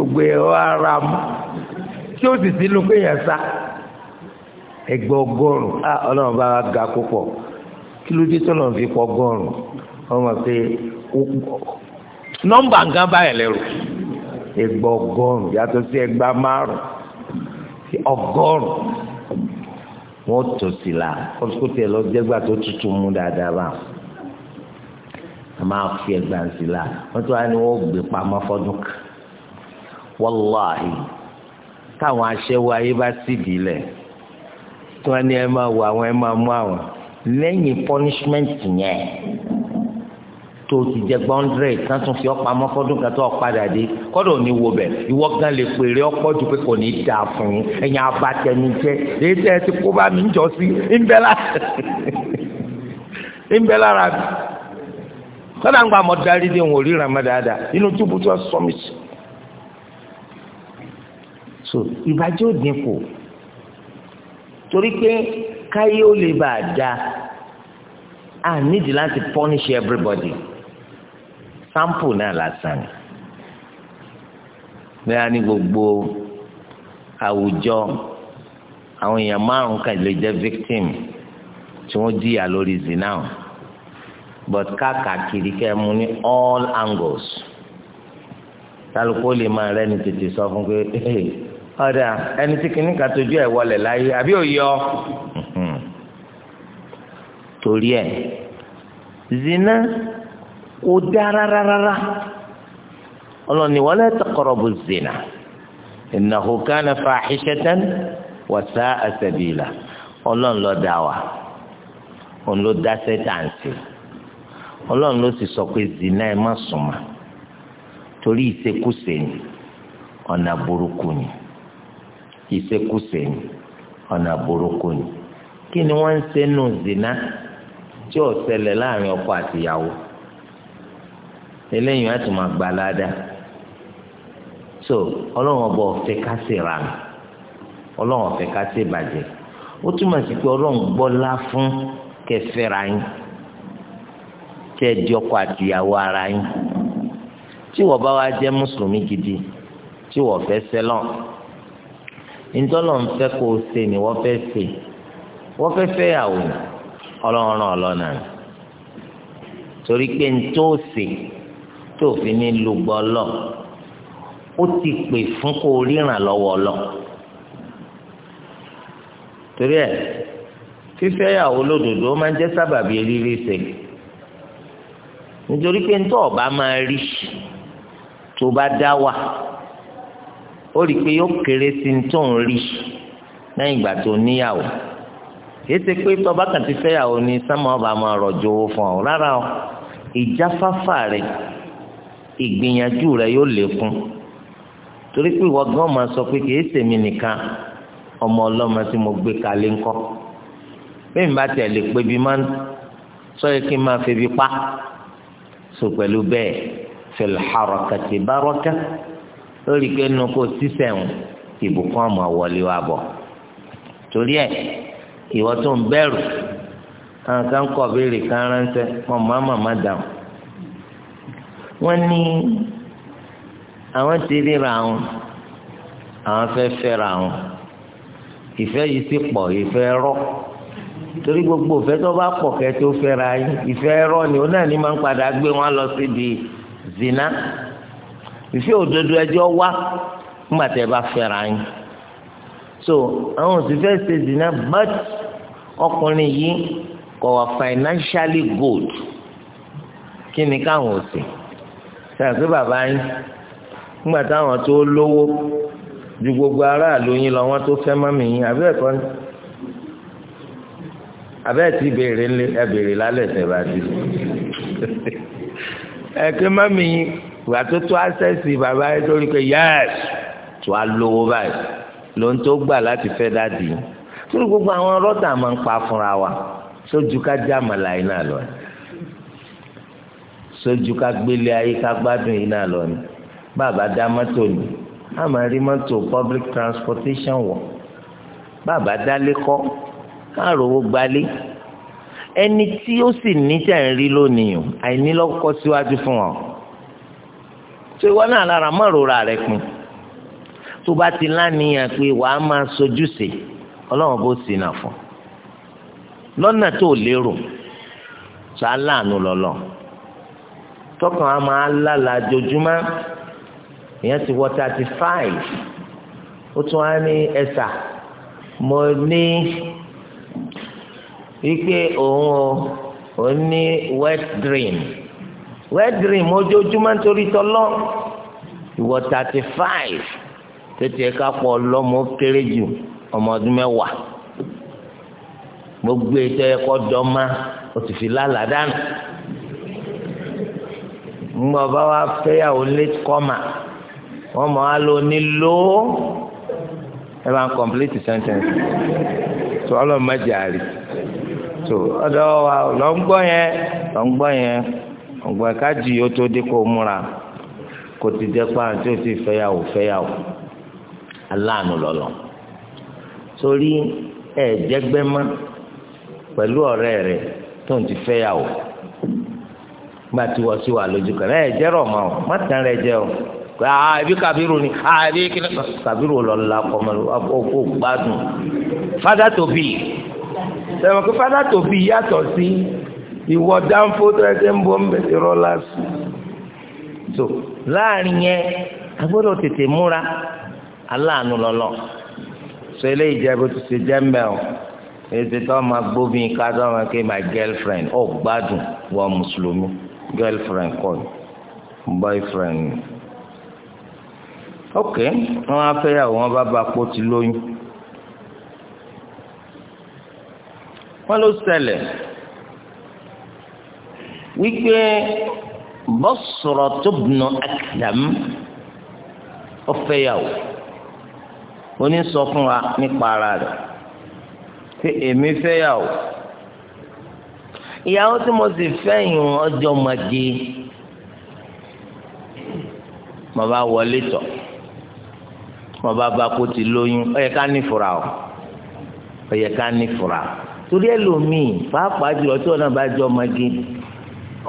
S1: ògbé ara mu tí ó sì sínú pé yẹn sá ẹgbẹ́ ọgọ́rùn-ún á ah, ọlọ́run bá ga púpọ̀ kí ló dé tọ́lọ̀ fi pọ̀ ọgọ́rùn-ún ọmọ pé nọ́mbà nǹkan báyìí lẹ́rù ẹgbà ọgọ́rùn yàtọ̀ sí ẹgbà márùn sí ọgọ́rùn wọ́n tò sí la kọ́síkòtì ẹ̀ lọ jẹ́gbà tó tutù mú dáadáa bá a máa fi ẹgbà sí la wọ́n tó wá ní wọ́n gbé pamọ́ fọ́dún kan wọ́láhì táwọn aṣẹ́wó ayé bá sì dì lẹ̀ tí wọ́n ní ẹ máa wọ àwọn ẹ máa mú àwọn lẹ́yìn punishment yẹn tó o ti jẹ gbọ́ndrẹ̀ tán tún fi ọ́ pamọ́ fọ́dún kan tó o padà dé kọ́dọ̀ ní wo bẹ̀ ìwọ gan lè pèrè ọ̀pọ̀ ju pé kò ní í da fún un ẹ̀yin abatẹni jẹ́ èyí tẹ́ ẹ ti kó bá mi ń jọ sí ńbẹ́ lára mi kọ́dà ń gba àmọ́ darí dé wọn ò rí ràn mọ́ dáadáa inú túbú tó sọ mi sí. so ìbàjẹ́ ò dín kù torí pé káyé ó lè bàa da a nídìí láti punish everybody sampo náà lásán ni bẹ́ẹ̀ ni gbogbo àwùjọ àwọn èèyàn márùn kan lè jẹ́ victim tí wọ́n jìyà lórí zina o but káàkiri kẹ́ mu ní all angles kálukú lè máa rẹ́ni tètè sọ fún pé ọ̀dà ẹni tí kìíní kan tójú ẹ̀ wọlé láyé àbí òyọ torí ẹ̀ zina kò dá rárára ọlọ́ni wala taqrabu zina innahu kana fahishatan wa sa'a sabila ọlọ́run ló dá wa òun ló dá sẹ́tàǹsì ọlọ́run ló sì sọ pé zina ẹ má sùnmọ́ torí ìṣekúṣe ni ọ̀nà burúkú ni ìṣekúṣe ni ọ̀nà burúkú ni kí ni wọ́n ń ṣe nù zina tí ò láàrin ọkọ àtìyàwó. eléyìí á máa so ọlọ́run ọba ọ̀fẹ́ ká sì rànù ọlọ́run ọ̀fẹ́ ká sì bàjẹ́ ó túmọ̀ sí pé ọlọ́run gbọ́lá fún kẹfẹ́ra yín tẹ́ ara yín tí wọ́n bá wá jẹ́ gidi tí wọ́n fẹ́ sẹ́lọ̀n ntọ́lọ̀ fẹ́ kó o ṣe ni wọ́n fẹ́ ṣe wọ́n fẹ́ fẹ́ yàwó ọlọ́run torí pé ntọ́ ṣe. tó fi ní lùgbọ́ lọ ó ti pè fún kó ríran lọ́wọ́ lọ. torí ẹ fífẹ́yàwó lódodo máa ń jẹ́ sábàbí rírí ṣe nítorí pé ntọ́ ọba máa rí tó bá dá wà ó rí i pé yóò kéré sí tó ń rí lẹ́yìn ìgbà tó níyàwó kìí pé tọba kan ti fẹ́yàwó ni sámà máa rọ̀jò fún ọ rárá ìjáfáfá rẹ̀ ìgbìyànjú rẹ yóò lékún torí pé ìwọ gan máa sọ pé kìí ṣèmi nìkan ọmọ ọlọ́mọ tí mo gbé kalẹ̀ ńkọ́ bí mi bá tẹ̀ lè pé bí máa ń sọ yẹ kí n máa febi pa so pẹ̀lú bẹ́ẹ̀ fil harakati baraka lórí pé nínú kó sísẹ̀ ìbùkún ọmọ wọlé wa bọ̀ torí ẹ̀ ìwọ tó ń bẹ̀rù àwọn kọ̀ béèrè kan ránṣẹ́ mọ̀ máa mọ̀ má dáhùn wọ́n ní àwọn ti ríra àwọn àwọn fẹ́ fẹ́ra àwọn ìfẹ́ yìí sì pọ̀ ìfẹ́ rọ́ torí gbogbo ìfẹ́ tó bá pọ̀ kẹ́ tó fẹ́ra yín ìfẹ́ rọ́ ni ó náà ní máa ń padà gbé wọn lọ sí di zina ìfẹ́ òdodo ẹjọ́ wá nígbà tẹ́ bá fẹ́ra yín so àwọn òsìfẹ́ ṣe zina but ọkùnrin yìí kò wà financially good kí ni káwọn ò sè sàgbé bàbá yín nígbà táwọn tó lówó ju gbogbo aráàlú yín lọ wọn tó fẹ́ mọ́mì yín àbí ẹ̀kọ́ ni àbẹ́ ẹ̀ ti béèrè ńlẹ̀ ẹ̀ béèrè lálẹ́ ẹ̀sẹ̀ bá ti ẹ̀ pé mọ́mì yín ìgbà tó tó àṣẹ́sì bàbá yín tó rí pé yẹ́s tó a lówó báyìí ló ń tó gbà láti fẹ́ dáàdì yín tó gbogbo àwọn rọ́tà máa ń pa fúnra wa sójú ká já màláyìn náà lọ yìí sójú ká gbélé ayé ká gbádùn yìí náà lọ ni bàbá dá mọ́tò ni a máa rí mọ́tò public transportation wọ̀ bàbá dálé kọ́ káàrówó gbalé ẹni tí ó sì ní tẹ̀ ń rí lónìí o àìní lọ́kọ́ síwájú fún ọ tó ìwọ náà lára mọ́rora rẹ pin tó bá ti láníyàn pé wàá máa sojúṣe ọlọ́run bó sì nà fún lọ́nà tó lérò sọ lọ́lọ́run tọkàn á máa lálàá jojúmọ́ ìyẹn ti wọ thirty five ó tún á ní ẹ̀sà mo ní wípé òun o òun ní wet dream wet dream ojoojúmọ́ nítorí tọ́lọ́ ìwọ thirty five tètè ká pọ̀ lọ́mọ kéré jù ọmọ ọdún mẹ́wàá gbogbo ètò e ẹ̀kọ́ dọ́mà ó ti fi lálàá dànù ńgbà ọba wa fẹ́yàwó late comma wọ́n mọ̀ á lò ní ẹ bá ń complete sentence tó ọlọ́run má jẹ́ àrí tó ọ̀dọ̀ wa lọ ń gbọ́ yẹn lọ ń gbọ́ yẹn ọ̀gbọ́n káàdì yóò tó dé kó múra kó ti jẹ́ pàrọ̀ tí ó ti fẹ́yàwó fẹ́yàwó aláàánú lọ́lọ́ torí ẹ̀ jẹ́gbẹ́ mọ́ pẹ̀lú ọ̀rẹ́ rẹ̀ tó ń ti fẹ́yàwó gba ti wọ sí wa lójú kan ẹ jẹ rọ ma o má tán rẹ jẹ o aa ibi kabiru ni aa ibi kini kabiru lọ la kọmọ o gbádùn fada tobi sẹmọ pé fada tobi yàtọ̀ sí ìwọ dánfó tó ẹ ti ń bọ mbẹ irọ́ lásì so láàrin yẹn a gbọ́dọ̀ tètè múra aláàánú lọlọ so eléyìí jẹ bó ti ṣe jẹ mbẹ o èyí ti tọ́ ma gbóbi ká my girlfriend ọ̀ gbádùn wọ mùsùlùmí girlfriend kọ́ boyfriend ok wọn á fẹ́yàwó wọn bá ba pọ̀ ti lóyún wọn ló ṣẹlẹ̀ wípé Basratu ibn Akdam ó fẹ́yàwó oní sọ fún wa nípa ara rẹ̀ pé èmi fẹ́yàwó ìyàwó tí mo sì fẹ́ yìí ọjọ́ màgé mo bá wọlé tọ̀ mo bá bá kó ti lóyún ó yẹ ká ní fura o ó yẹ ká ní fura torí ẹlòmíì pàápàá jùlọ tí ọ̀nà bá jọ màgé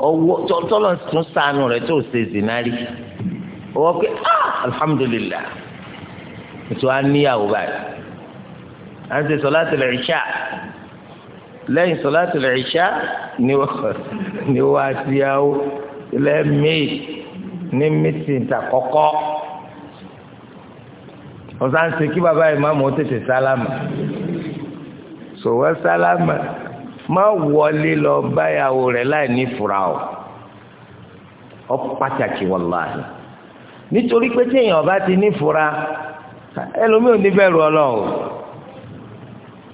S1: ọwọ́ tọ́lọ̀ tún sànù rẹ̀ tó ṣe zinari ọwọ́ pé ah ètò á báyìí à ń ṣe sọ̀láàtì lẹ́yìn sọláàtì ìṣá ni wọ́n àti yàwó lẹ́mìí ní mítìn tàkọ́kọ́ ọ̀sán ṣe kí bàbá ìmáàmù ó tètè sálámà sòwọ́ sálámà má wọlé lọ báyàwó rẹ̀ láì ní fura o ọ pàtàkì wàláhì nítorí pé téèyàn bá ti ní fura ẹlòmíì ò ní bẹ̀rù ọlọ́run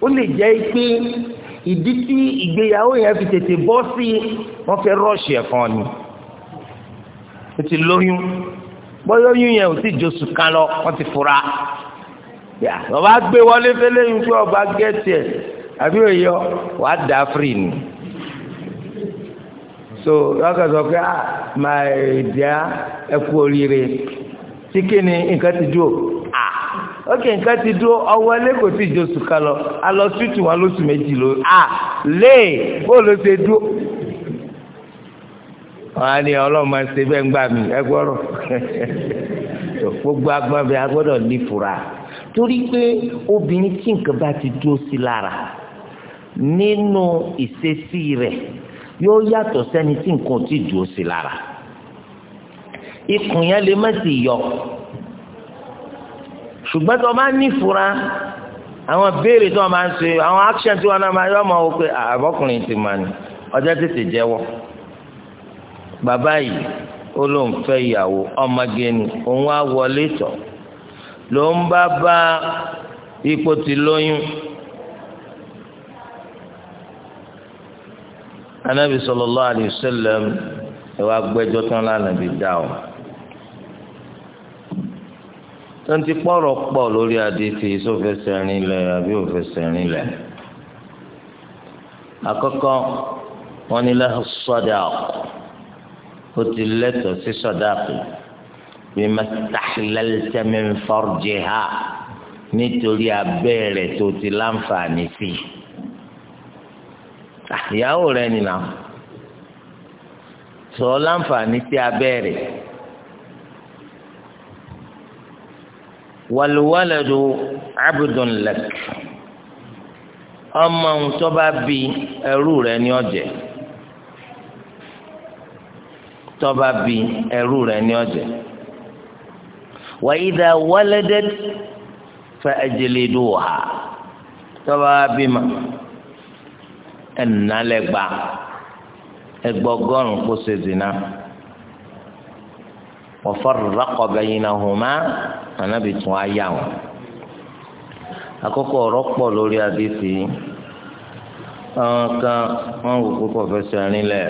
S1: ó lè jẹ́ pé ìdí tí ìgbéyàwó yẹn fi tètè bọ́ sí wọ́n fẹ́ rọ́ọ̀ṣì ẹ̀kan ni ó ti lóyún bọ́yọ́ yún yẹn ò sì josù kan lọ wọ́n ti fura ọba gbé wọlé fẹlẹ́ yín fún ọba gẹ́tì ẹ̀ àbí òye wàá dà firi ni so lọ́kàn sọ pé ah my dear ẹ kú oríire tí kí ni nǹkan ti dúró ókè nǹkan ti dúró ọwọ́ ilé kò tí ìjọ sùn lọ a lọ sítù wọn lóṣù méjì ló à lè bó ló ṣe dúró. wọn á ní ọlọ́run máa ń ṣe bẹ́ẹ̀ ń gbà mí ẹ gbọ́rọ̀ gbogbo agbọ́n bẹ́ẹ̀ a gbọ́dọ̀ ní fura torí pé obìnrin tí nǹkan bá ti dúró sí lára nínú ìṣesí rẹ̀ yóò yàtọ̀ sẹ́ni tí nǹkan ò dúró sí lára ikùn yẹn lè má ti yọ ṣùgbọ́n tó o máa ń nífura àwọn béèrè tó o máa ń ṣe àwọn action tí wọn náà máa yọ ọmọ wò pé àbọ̀kùnrin ti mà ní ọjọ́ tètè jẹ́wọ́ bàbá yìí ó lóun fẹ́ ìyàwó ọmọge ni òun á wọlé tọ̀ ló bá bá ipò ti lóyún. anabi sallallahu alaihi wasallam ẹ wá gbẹ́jọ́ tán lánàá bí dá wọ́n ti pọ̀rọ̀ pọ̀ lórí adé tí sófẹsẹ̀ rìn lẹ̀ àbí òfẹsẹ̀ rìn lẹ̀. àkọ́kọ́ wọn ni lẹ́hìn sọ́dáàkù ó ti lẹ́tọ̀ọ́ sí sọ́dáàkù bí mẹ́tàlẹ́lẹ́tẹ́mí fọ́rjì ha nítorí abẹ́rẹ́ tó ti láǹfààní sí ah, ìyàwó rẹ̀ nìyà sọ láǹfààní sí abẹ́rẹ́. wàlúwàlẹ̀dù abudunlẹ̀k ọmọ tó bá bi ẹrú rẹ ní ọ̀jẹ̀ tó bá ẹrú rẹ ní wa idha waladat fa ajliduha tó bá bi ma ẹnìnálẹ́gba ẹgbọgọrùn kó ṣe zina wa farraqa anabi tún á yà wọn àkọ́kọ́ ọ̀rọ̀ pọ̀ lórí adéfì àwọn kan wọn wò pé kò fẹsẹ̀ rinlẹ̀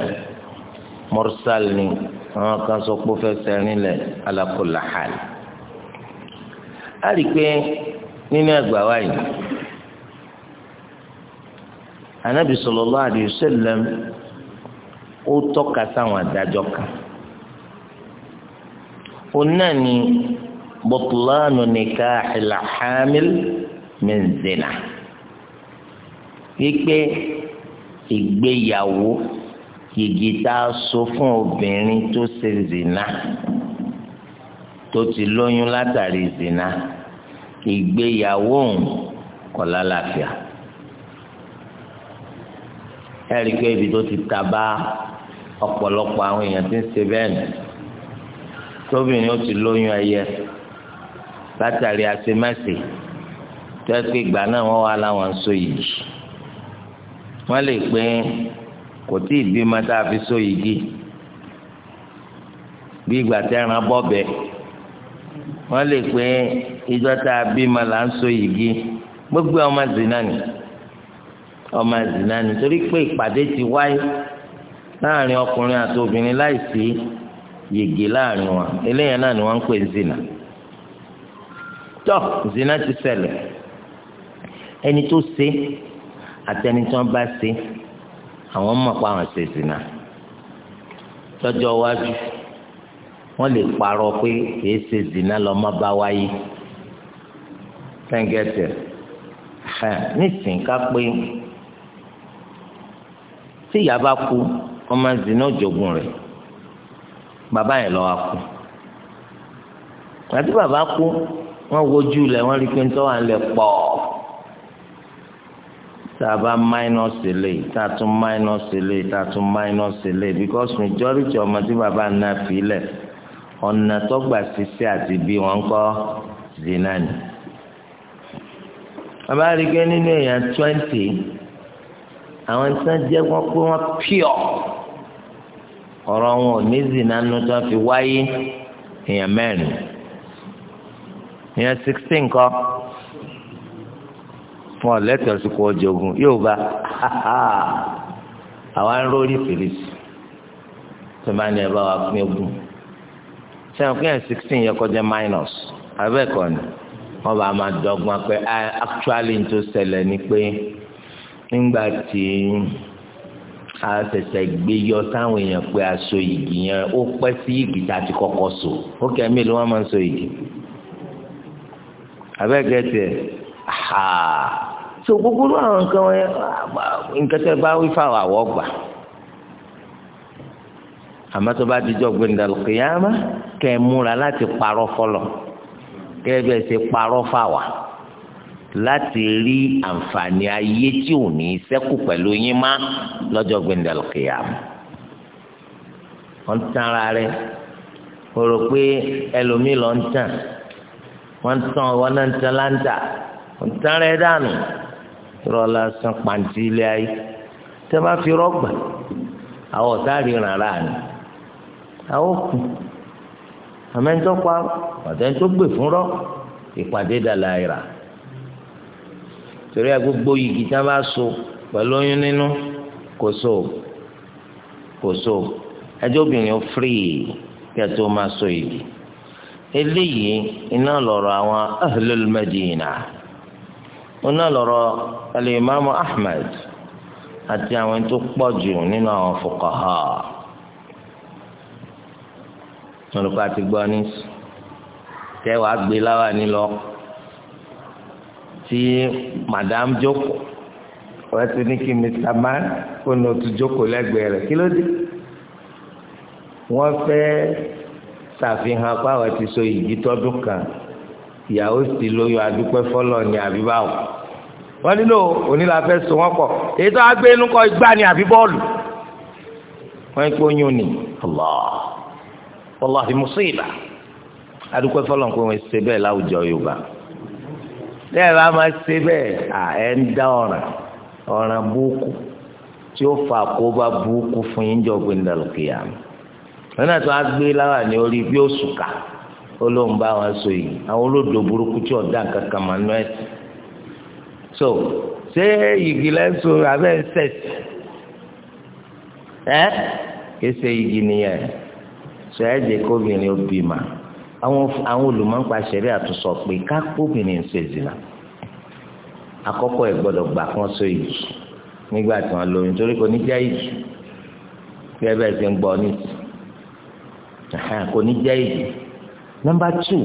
S1: mọrsal ni àwọn kan sọ pé fẹsẹ̀ rinlẹ̀ ala kulli hal pé nínú ẹgbàá wáyé anabi sallallahu alayhi ó tọ́ka sáwọn adájọ́ kan òun náà ni bọ́tùlánù nikahil hamil min zina wípé ìgbéyàwó yìgì tá a so fún obìnrin tó ṣe zina tó ti lóyún látàrí zina ìgbéyàwó òun kò lálàáfíà ẹ̀rí pé ibi tó ti ta bá ọ̀pọ̀lọpọ̀ àwọn èèyàn ti ń ṣe bẹ́ẹ̀ ni tóbìnrin ó ti lóyún ẹyẹ. látàrí àṣemáṣe tẹ́sí ìgbà náà wọ́n wá láwọn sọ yìí wọ́n lè pé kò tí ì bímọ tá fi sọ yìí bí ìgbà tẹ́ ẹran bẹ́ẹ̀ wọ́n lè pé ìjọ tá a bímọ là ń sọ yìí gbogbo ọmọ zina ni ọmọ zina ni torí pé ìpàdé ti wáyé láàrin ọkùnrin àti obìnrin láìsí yege láàrin wọn eléyàn náà ni wọ́n ń pè zina. tọ́ zina ti ṣẹlẹ̀ ẹni tó ṣe àtẹni tí wọ́n bá ṣe àwọn mọ̀ pa àwọn ṣe zina lọ́jọ́ iwájú wọ́n lè parọ́ pé kìí ṣe zina lọ́mọ bá wáyé tẹ́ńgẹ́tẹ̀ ẹ̀ nísìnyí ká pé tí ìyá bá kú ọmọ zina òjògùn rẹ̀ bàbá yẹn lọ́wọ́ kú àti bàbá kú wọ́n wojú lẹ̀ wọ́n rí pé ń tọ́wà ń lẹ̀ pọ̀ tá a bá máínọ́ọ̀sì lè tá a tún máínọ́ọ̀sì lè tá a tún máínọ́ọ̀sì lè because majority ọmọ tí bàbá náà fi lẹ̀ ọ̀nà tọ́gbà ṣiṣẹ́ àti bí wọ́n kọ́ zina ni. bàbá rí pé nínú èèyàn twenty àwọn tí wọ́n jẹ́ wọ́n pé wọ́n pure ọ̀rọ̀ wọn ò ní zina nu fi wáyé èèyàn mẹ́rin ìyẹn sixteen kọ́ fún ọ̀lẹ́tọ̀ sí kò jogun yóò bá àwa ń rórí fèrèsì tó máa ní ẹ bá wa pín ogún sẹ́wọ̀n pín ẹ̀ sixteen yẹ kọjá minus abẹ́ẹ̀kọ́ ni wọ́n bá máa dọ́gbọ́n pé ah, actually n tó ṣẹlẹ̀ ni pé nígbà tí a ṣẹ̀ṣẹ̀ gbé yọ táwọn èèyàn pé a so igi yẹn ó pẹ́ sí igi tá a ti kọ́kọ́ so ó kẹ́ mi ló wọ́n máa ń so igi abẹ́gẹ́tì ẹ̀ ha so gbogbo àwọn nǹkan wọn nǹkan tẹ́ bá wí fáwọn àwọ̀ gbà àmọ́ tó bá dijọ́ gbẹ̀ndàlùkìyàmá kẹ́ ẹ múra láti parọ́ fọlọ̀ kẹ́ ẹ bẹ́ẹ̀ ṣe parọ́ fáwà láti rí àǹfààní ayé tí ò ní ṣẹ́kù pẹ̀lú yín má lọ́jọ́ gbẹ̀ndàlùkìyàmá wọ́n tán ara rẹ̀ o rò pé ẹlòmíì lọ wọn tán ọwọ́ náà ń tán láńtà wọ́n tán rẹ̀ dànù rọ́ lásán pàǹtí ilé ayé tẹ́ bá fi rọ́gbà àwọn ọ̀tá ríran ara ni àwọn kù àmẹ́ńtọ́ pa gbè fún rọ ìpàdé dàlà ìrà torí ẹ gbogbo igi tí a bá so pẹ̀lú oyún nínú kò so kò so ẹjọ́ obìnrin fírì máa so igi. eléyìí iná lọ̀rọ̀ àwọn ahlul madina iná lọ̀rọ̀ alimami ahmed àti àwọn tó pọ̀ jù nínú àwọn fuqaha olùkọ́ àti gbọ́ ní tẹ́wàá gbé láwa nílọ tí madam jókòó wọ́n ti ní kí mr man kó ní o tún jókòó lẹ́gbẹ̀ẹ́ rẹ̀ kí ló dé wọ́n fẹ́ẹ́ ṣàfihàn pàwọ́ ti so ìyí tọ́dún kan ìyàwó sì lóyún adúpẹ́ fọlọ́ ní àbíbáwò wọ́n nílò onílàfẹ́ so wọ́n pọ̀ èyí tó agbé inú kọ́ igbá ní àbí bọ́ọ̀lù wọ́n ń pọ́ yún ni ọlọ́ọ̀hì mùsíbà adúpẹ́ fọlọ́ pé wọ́n ṣe bẹ́ẹ̀ láwùjọ Yorùbá bẹ́ẹ̀ bá máa ṣe bẹ́ẹ̀ à ẹ̀ ń dá ọ̀ràn ọ̀ràn búukú tí ó fa àkóbá búukú fún yín jọ gbẹ̀ndàlùkìyàmù wọn náà tó wá gbé láwà ní orí bí ó sùkà ó ló ń bá wọn sọ yìí àwọn olódò burúkú tí ọ̀dà kankan mà nù ẹ̀sìn so ṣé igi lẹ́sọ abẹ́ ń sẹ̀sì ẹ́ kése igi nìyẹn sọ ẹ́ jẹ́ kóbìnrin obì mà àwọn àwọn olùmọ̀ǹpa ṣẹ̀rí àtúnṣọ pé ká kóbìnrin ṣe zìlà àkọ́kọ́ ẹ̀ gbọ́dọ̀ gbà fún sọ yìí nígbà tí wọ́n lóyún torí kò ní jẹ́ yìí bí ẹ bẹ́ẹ̀ ti ń gbọ́ nísìnyí kò ní jẹ́ èyí nọ́mbà tù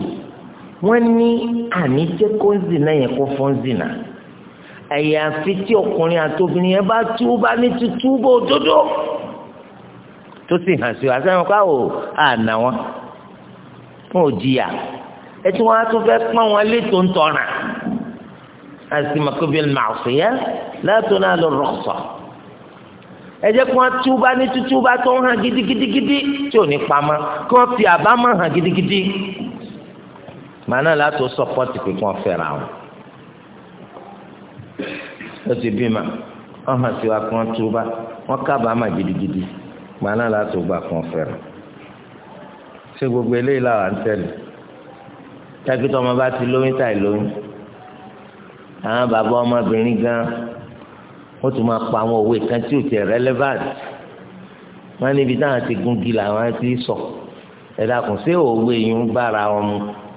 S1: wọ́n ní àní jẹ́ kó ń zina yẹn kó fún zina àyàfi tí ọkùnrin àtòbìnrin yẹn bá tú bá ní tutù bó dodo tó sì hàn sí àsẹ́wọ̀n káwò àná wọn wọn ò jìyà ẹtí wọn á tún fẹ́ pọ́n wọn létò ń tọ́ràn àti mọ̀kóbi màá fìyà látọ̀ náà lọ rọ̀ṣọ̀ ẹ jẹ́ kí wọ́n túbá ní tútúbá tó ń hàn gidigidigidi tí ò ní pamọ́ kí wọ́n fi àbámọ̀ hàn gidigidi màánà látò sọpọ́tì pé kí wọ́n fẹ́ra wọn ó ti bímọ wọ́n hàn sí wa kí wọ́n túbá wọ́n kábàámọ̀ gidigidi màánà látò gbà kí wọ́n fẹ́ra ṣé gbogbo eléyìí làwọn ń tẹ̀lé tákìtì ọmọ bá ti lóyún táì lóyún àwọn bàbá ọmọbìnrin gan wọ́n tún máa pa àwọn òwe kan tí ò tẹ̀ relevant wọ́n níbi táwọn ti gun gi làwọn ti sọ ẹ dákun ṣé òwe yìí ń bára wọn mu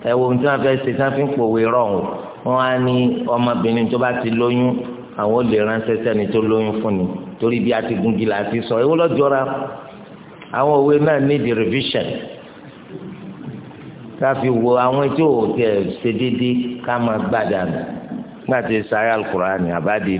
S1: ẹ wo ohun tí wọ́n fẹ́ ṣe tí wọ́n fi ń pòwe rọ̀hún wọ́n á ní ọmọbìnrin tó bá ti lóyún àwọn olè ránṣẹ́ sẹ́ni tó lóyún fún ni torí bí a ti gun gi là ti sọ ewu lọ́jọ́ra àwọn òwe náà ní the revision ká fi wo àwọn tí ò tẹ̀ ṣe déédéé ká máa gbàdánù gbàtẹ́ sáré alukura ni àbádìí.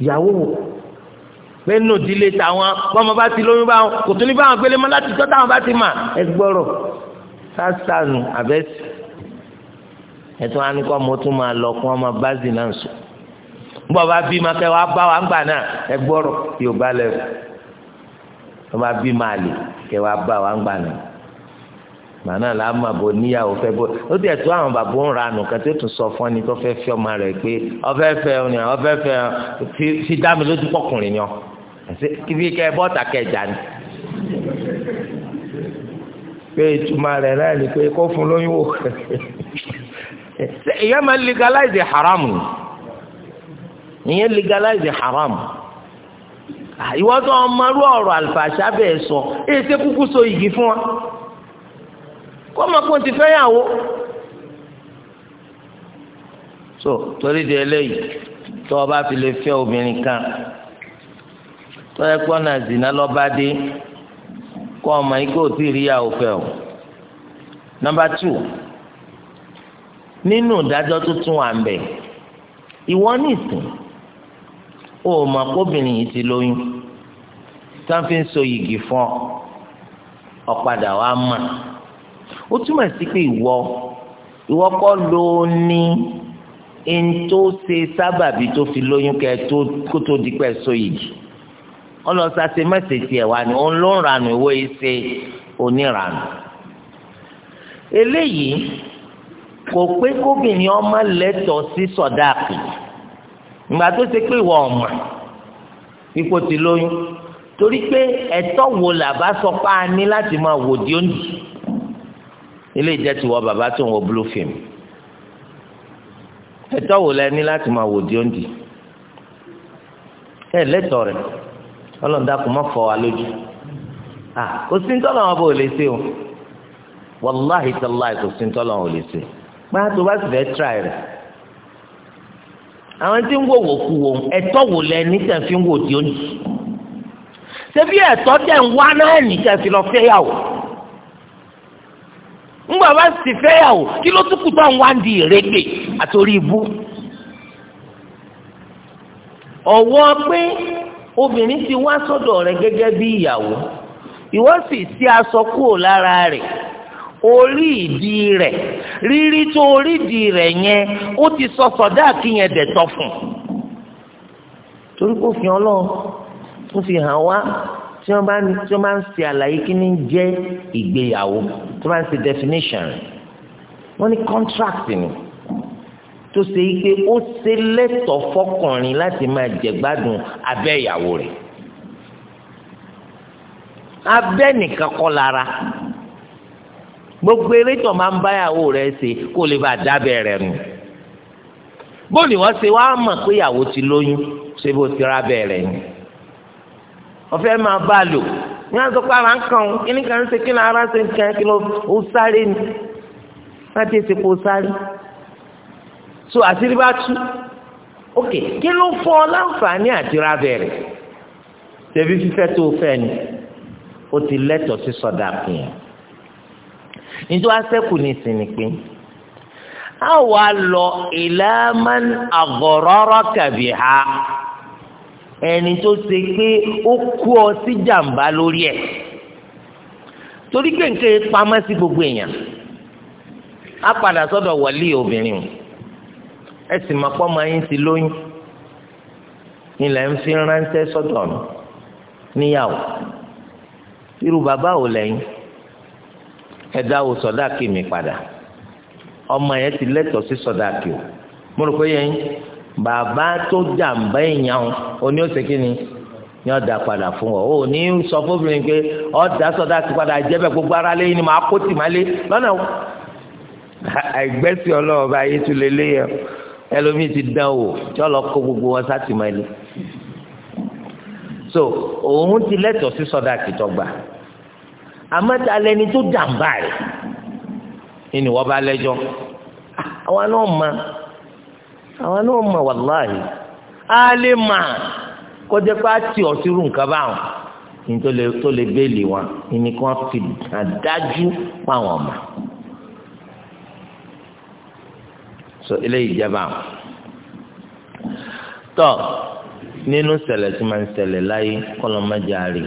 S1: ìyàwó nínú ìdílé tàwọn bọ́mọ bá ti lóyún báwọn kò tún ní báwọn gbélé mọ́ láti tọ́ táwọn bá ti mà ẹ gbọ́rọ̀ sásánù àbẹ́sì ẹ̀tún á ní kọ́ mo tún máa lọ kún ọmọ báàzì náà sùn bọ́ bá bí ma kẹ́ wàá bá wa ń gbà náà ẹ gbọ́rọ̀ yóò bá lẹ̀ bọ́ bá bí ma lè kẹ́ wàá bá wa gbà náà gbaná la máa bò níyàwó fẹ́ bó ó tiẹ̀ tó àwọn bàbá ń ra nù kan tó tún sọ fún ẹni tó fẹ́ fẹ́ ọmọ rẹ̀ pé ọfẹ́ fẹ́ ọ ni ọfẹ́ fẹ́ ọ fi dá mi lójú pọkùnrin yan kíbi kẹ bọ́ọ̀tà kẹjà ni. pé ìtumọ̀ rẹ̀ náà ni pé kó fún lóyún wò ìyẹn máa legalize haram ìyẹn legalize haram ìwọ́n tó ọmọ rú ọ̀rọ̀ àlùfàṣà bẹ́ẹ̀ sọ èyí ṣe kúkú so igi fún wa kó mọ̀ pé o ti fẹ́ yàwó. so torí di eléyìí tó o bá fi lè fẹ́ obìnrin kan tó yẹ kó ọ̀nà zina lọ́ba dé kó ọmọ yìí kó o ti rí yàwó fẹ́ o. nọ́mbà tù nínú ìdájọ́ tuntun wà ń bẹ̀ ìwọ nìsín o mọ̀ kóbìnrin yìí ti lóyún tí wọ́n fi ń so yìgì fún ọ ọ̀padà wa mọ̀ ó túmọ̀ sí pé ìwọ ìwọ kọ́ ló ní ẹni tó ṣe sábàbí tó fi lóyún kẹ tó kó tó di pẹ́ so yìí ọlọ́sàsẹ mẹ́sẹ̀ẹ̀sì ẹ̀ wá ni òun ló ń ranù ìwé ṣe oníranù eléyìí kò pé kóbìnrin ọmọ lẹ́tọ̀ọ́ sí sọ̀dáàkì ìgbà tó ṣe pé ìwọ ọmọ ipò ti lóyún torí pé ẹ̀tọ́ wo làbá sọ pa láti máa wò di ó ilé ìjẹ́ ti wọ bàbá tó ń wo blue film ẹ̀tọ́ wò lẹ ní láti máa wò díòǹdì ẹ lẹ́tọ̀ọ́ rẹ̀ ọlọ́ọ̀dàkùn má fọ wa lójú kò sí ní wọn bò lè ṣe o wàláhì tàláhì kò sí ní wọn lè ṣe pé àti o bá sì fẹ́ tíráì rẹ̀ àwọn tí ń wò wò kú wò ẹ̀tọ́ wò lẹ ní tẹ̀ fi ń wò díòǹdì ṣé bí ẹ̀tọ́ tẹ̀ ń wá náà ní tẹ̀ fi lọ fẹ́yàwó bàbá sì fẹ́yàwó kí ló tún kù tó àwọn àǹdí ìrẹ́gbẹ̀ àtòrí ibú. ọ̀wọ́ pé obìnrin ti wá sọ́dọ̀ rẹ̀ gẹ́gẹ́ bí ìyàwó ìwọ sì sí aṣọ kúrò lára rẹ̀ orí ìdí rẹ̀ rírí tó orí ìdí rẹ̀ yẹn ó ti sọ sọ̀dá àkíyàn dẹ̀tọ̀ fún torí kò fi ọlọ́run tó fi hàn wá tí wọ́n bá ń tí wọ́n bá ń ṣe àlàyé kí ni jẹ́ ìgbéyàwó tí wọ́n bá ń ṣe definition wọ́n ní contract ni tó ṣe yí pé ó ṣe lẹ́tọ̀ọ́ fọkùnrin láti máa jẹ̀gbádùn abẹ́ ìyàwó rẹ̀ abẹ́ nìkan kọ́ lára gbogbo erétọ̀ máa ń bá ìyàwó rẹ̀ ṣe kó lè bá dábẹ́ rẹ̀ nù bó ni wọ́n ṣe wá mọ̀ pé ìyàwó ti lóyún ṣé bó ti rábẹ́ rẹ̀ ni ọ̀fẹ́ máa bá a lò ní àti ọ̀pá ara ń kàn ó kíní kan ṣe kí ara ṣe ń kàn kí ló ó sáré ni láti ṣe kó sáré so àṣírí bá tú ok kí ló fọ́ ọ láǹfààní àtìrà bẹ̀rẹ̀ tẹ̀bí fífẹ́ tó fẹ́ ni ó ti lẹ́tọ̀ọ́ sí sọ̀dà pin níjọ́ asẹ́kù ní ìsinmi pé a wà lọ ìlàmán àgọ̀rọ̀rọ̀ kàbí ha ẹni tó ṣe pé ó kú ọ sí jàǹbá lórí ẹ̀ torí kéńké pamọ́ sí gbogbo èèyàn á padà sọ́dọ̀ wọlé obìnrin o ẹ sì máa pọ́ máa yín sí lóyún nílẹ̀ ń fi ránṣẹ́ sọ́dọ̀ ọ̀nà níyàwó irú bàbá ò lẹ́yìn ẹ̀dá ò sọ̀dáàkì mi padà ọmọ yẹn ti lẹ́tọ̀ọ́ sí sọ̀dáàkì o mo rò pé yẹn bàbá tó jàǹbá èèyàn oní òsèké ni ni ọ̀dà padà fún ọ ò ní sọ fóbìnrin pé ọ̀dà sọ̀dà ti padà jẹ́bẹ̀ gbogbo ara lẹ́yìn ni màá kó tì má lé lọ́nà àìgbẹ́sì ọlọ́run bá yé tu lélẹ́ ẹlòmíì ti dán wò tí ọlọ́ kó gbogbo wọn sátìmọ́lé so òun ti lẹ́tọ̀ọ́ sí sọ̀dà kìtọ́gbà àmọ́ta lẹni tó jàǹbá rẹ̀ ni wọ́n bá lẹ́jọ́ ah, àwọn náà máa àwọn náà mọ̀ wàláhì á lè mà kọjá pé á ti ọtí rú nǹkan báwọn ní tó lè béèlì wọn ní kí wọ́n fi dájú páwọn ọmọ. so eléyìí jẹba tọ nínú ṣẹlẹ̀ tí máa ń ṣẹlẹ̀ láyé kọlọmọdéárì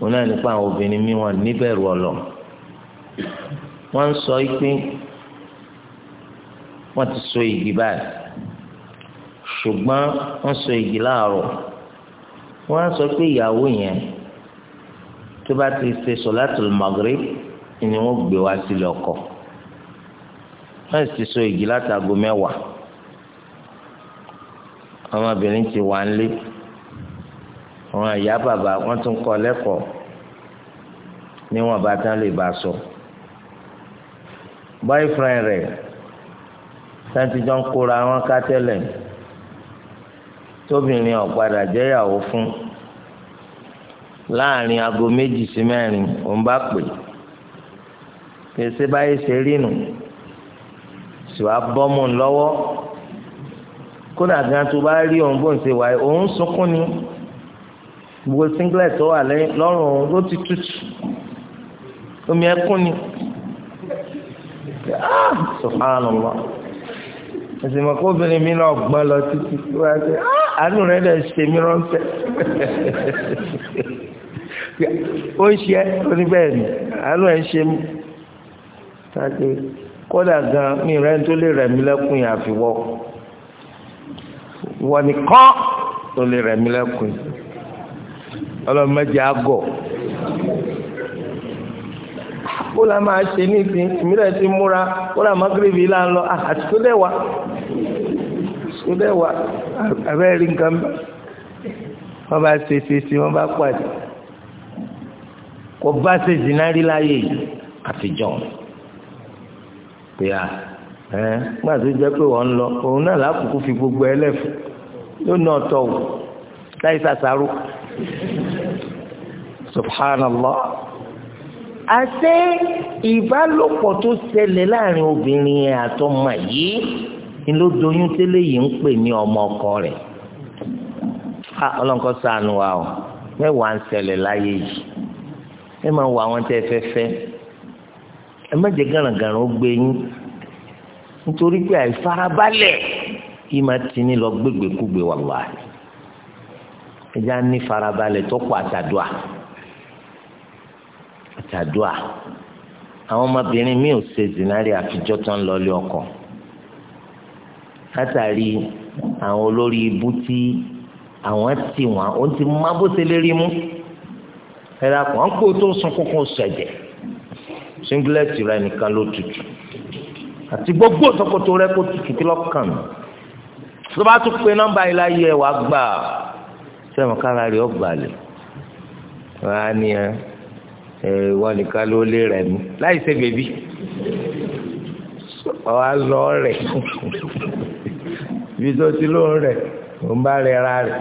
S1: wọn náà nípa àwọn obìnrin mi wọn níbẹ̀rù ọlọ wọn ń sọ pé wọ́n ti so igi báyìí ṣùgbọ́n wọ́n so igi láàárọ̀ wọ́n á sọ pé ìyàwó yẹn tó bá ti ṣe sọ̀látùl Maghrib ni wọ́n gbé wá sílé ọkọ wọ́n sì so igi látago mẹ́wàá ọmọbìnrin ti wà nílé àwọn ìyá bàbá wọ́n tún kọ́ lẹ́kọ̀ọ́ níwọ̀n bá tán lè bá sọ boyfriend rẹ̀ láti jọ ń kóra wọn ká tẹ́lẹ̀ tóbìnrin ọ̀padà jẹ́yàwó fún láàrin aago méjì sí mẹ́rin òun bá pè pèsè báyìí ṣe rí nù ṣùgbọ́n abọ́mù lọ́wọ́ kódà gan tó bá rí òun bó ń ṣe wáyé òun sunkún ni gbogbo singlet tó wà lọ́rùn òun ló ti tútù omi ẹkún ni ah subhanallah ẹ̀sìnmọ̀ kó obìnrin mi náà gbọ́n lọ títí wá sí àánú rẹ̀ lè ṣe mí ránṣẹ́ ó ń ṣe oníbẹ̀ ni àánú ẹ̀ ń ṣe mí tàbí kódà gan mi rẹ̀ tó lè rẹ̀ mí lẹ́kùn yà fi wọ́ nìkan tó lè rẹ̀ mí lẹ́kùn ọlọ́mọdé àgọ̀ kó la máa ṣe ní ìsìn ìmílẹ̀ ti múra kó la máa gírèbì là ń lọ àtìkú dẹ̀ wá tó dẹ́wà abẹ́rẹ́ nǹkan bá wọ́n bá ṣe ṣe ṣe wọ́n bá pàdé kò bá ṣe jìnnà rí láyé yìí àfijọ́ pé a ẹ gbà tó jẹ́ pé wọ́n ń lọ òun náà lákòókò fi gbogbo ẹlẹ́fù yóò ná ọ̀tọ̀ wò láì sàṣàrò subhanallah àṣé ìbálòpọ̀ tó ṣẹlẹ̀ láàrin obìnrin àtọmọ yìí. ló doyún tẹ́lẹ̀ yìí ń pè ní ọmọ ọkọ rẹ̀ a ọlọ́nkọ́ sànù wa o mẹ́wàá ń ṣẹlẹ̀ láyé yìí ẹ máa wọ àwọn tẹ́ fẹ́ fẹ́ ẹ má jẹ́ gàràngàrà ó gbé yín nítorí pé àìfarabalẹ̀ yìí máa ti ní lọ gbégbékúgbé mi ò ṣe zinari àfijọ́ látàrí àwọn olórí ibú tí àwọn tì wọ́n ó ti má bó ṣe lérí mú ẹ̀rọ àpò wọn kó tó sun kókó sẹ̀jẹ̀ singlet rẹ nìkan ló tutù àti gbogbo ṣòkòtò rẹ kó tutù kí lọ́kàn tó bá tún pe nọ́mbà yìí láyé ẹ̀ wá gbà sẹ́wọ̀n kára rẹ̀ ọ̀gbà lẹ̀ wọ́n ní ẹ wọn nìkan ló lé rẹ mi láì ṣe bèbí ọ̀hà lọ rẹ̀ ibi tó ti lóun rẹ̀ òun bá rẹ̀ ra rẹ̀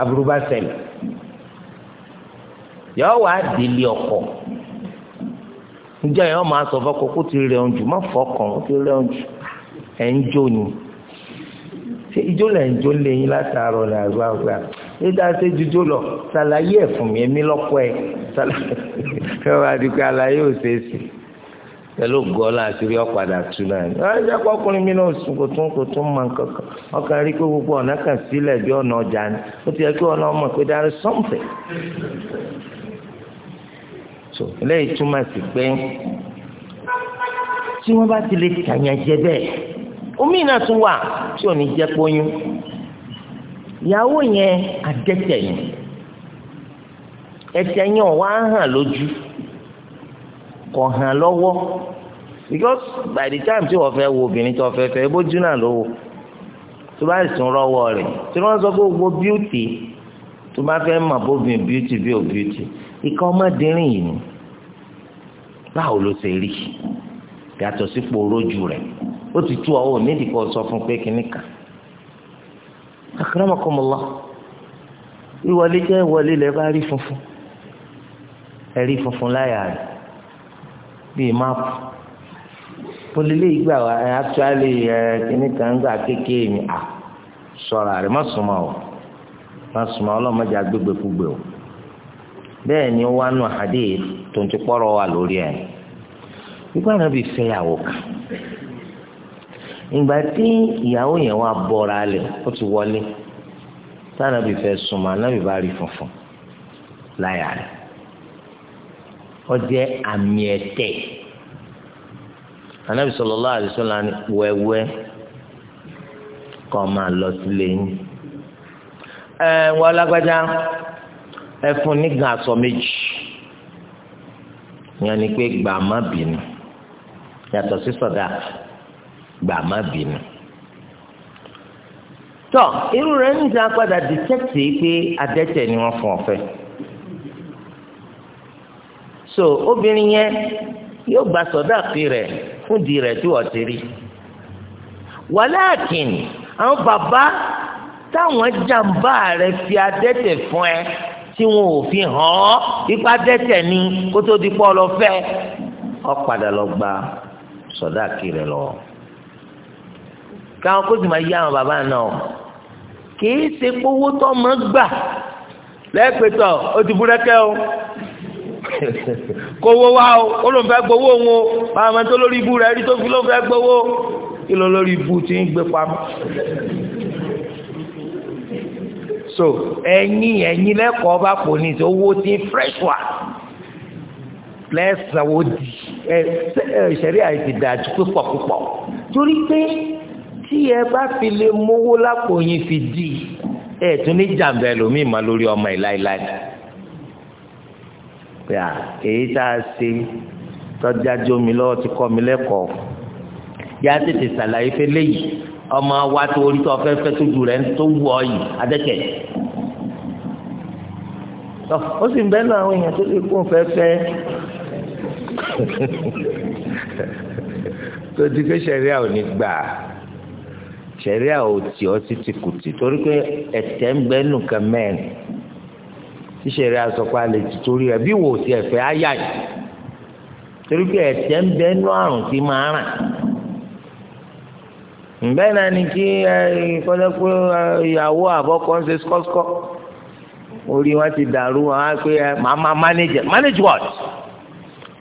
S1: aburú bá ṣẹlẹ̀ yọ wá délé ọkọ njẹ́ yọ máa sọ fọkọ kó ti rẹ̀ ọ̀njù má fọkàn kó ti rẹ̀ ọ̀njù ẹ̀ ń jó ni ṣe ijó lẹ̀ ń jó lẹ́yìn látàárọ̀ ní àgbà àgbà nígbà tí jíjó lọ ṣàlàyé ẹ̀ fún mi èmi lọ́kọ ẹ̀ ṣàlàyé ẹ̀ wá di pé àlàyé ò ṣeé ṣe. pẹ̀lú gọ́ọ́lá àṣírí ọ̀padà tu náà ni. ẹ jẹ́ kọ́kùnrin mi náà sùn kò tún kò tún mọ rí pé gbogbo ọ̀nà kan sílẹ̀ bí ọ̀nà ọjà ni ó ti yẹ kí ọ̀nà ọmọ pé dárí sọ́ǹfẹ̀. so túmọ̀ sí pé tí wọ́n bá ti lè jẹ bẹ́ẹ̀ omi náà tún wà tí ò ní ìyàwó yẹn hàn lójú. kọ̀ hàn lọ́wọ́ because by the time tí wọ́n fẹ́ wo obìnrin tó fẹ́ fẹ́ bójú náà ló wò tó bá sùn rọ́wọ́ rẹ̀ tí wọ́n sọ pé gbogbo beauty. tó bá fẹ́ mọ̀ bóbin bíútì bí ò bíútì ìkan ọmọdérin yìí ni báwo ló ṣe rí yàtọ̀ sípò rójú rẹ̀ ó ti tú ọ̀hún nídìí kan sọ fún pé kínní kan akramakumullah ìwọlé jẹ́ ìwọlé lẹ́ bá rí funfun ẹ̀rí funfun láyà rẹ̀ bíi máàpù polilé ìgbà wa ẹ actually ẹ kíní kan gbà kékeré ni à sọ̀rọ̀ àrẹ má sùnmọ́ o má sùnmọ́ ọlọ́mọdé agbégbèkúgbè o bẹ́ẹ̀ ni wọ́n á nù hadith tó ń ti lórí ẹ̀ ìgbà náà bí fẹ́yàwó kan ìgbà tí ìyàwó yẹn wá bọ́ra lẹ̀ ó ti wọlé tánàbì fẹ́ sùnmọ́ anábì bá rí funfun láyà rẹ̀ ọjẹ́ àmì ẹ̀tẹ̀ anabi sallallahu alaihi wasallam wẹwẹ kọ máa lọ sílé yín ẹ wọn alágbájá ẹ fún nígbà aṣọ méjì yẹn ni pé gbà má bínú yàtọ̀ sí sọ̀dá gbà má bínú tọ irú rẹ ń jà padà dìtẹ́tì pé adẹ́tẹ̀ ni wọ́n fún ọ fẹ́. so obìnrin yẹn yóò gba sọdáàkì rẹ̀ fún di rẹ̀ tí wọ́n ti rí wàláàkìn àwọn bàbá táwọn jàǹbá rẹ̀ fi adẹ́tẹ̀ fún ẹ tí wọn ò fi hàn ọ́ ipa dẹ́tẹ̀ ni kó tó di pọ́ lọ fẹ́ ọ padà lọ gba sọdáàkì rẹ̀ lọ káwọn kó sì máa yá àwọn bàbá náà kì í ṣe pé owó tó máa gbà lẹ́ẹ̀pẹ̀tọ̀ ó ti búrẹ́kẹ́ o kówó wá o ó ló fẹ́ gbowó òun o màmá tó lórí ibu rẹ̀ rí tó fi ló fẹ́ gbowó kí ló lórí ibu ti ń gbé pamọ́. so ẹ̀yin ẹ̀yin lẹ́kọ̀ọ́ bá pò ní ìṣe owó tí fresh wa lẹ́sàwó di ẹ ìṣẹ̀rí àìsí dájú púpọ̀ púpọ̀ torí pé tí ẹ bá fi lè mówó lápò yín fi di ẹ̀ tún ní jàǹbẹ̀ lómi ìmọ̀ lórí ọmọ ìláìláì pé à èyí tá a ṣe tọ́jú ajé omi lọ́wọ́ ti kọ́ mi lẹ́kọ̀ọ́ yá tètè ṣàlàyé fẹ́lẹ́ yìí ọmọ wa tó orí tó fẹ́ fẹ́ tó ju rẹ̀ tó wù ọ yìí adẹ́kẹ̀. ó sì ń bẹ́ẹ̀ lọ àwọn èèyàn tó lè kó fẹ́fẹ́ tó di pé sẹ̀ríà ò ní gbà sẹ̀ríà ò tì ọ́ títí kùtì torí pé ẹ̀tẹ̀ ń bẹ́ẹ̀ nù kan mẹ́rin tíṣe rẹ asọpọ alẹ torí rẹ bí wò ó ti ẹfẹ ayá yìí torí pé ẹ̀tẹ̀ ń bẹ nú àrùn tí máa ràn ǹbẹ́ náà ni kí kọ́lẹ́ pé ìyàwó àbọ́kọ ń ṣe skọ́skọ́ orí wọn ti dàrú wọn á pé màmá mánéjẹ manage what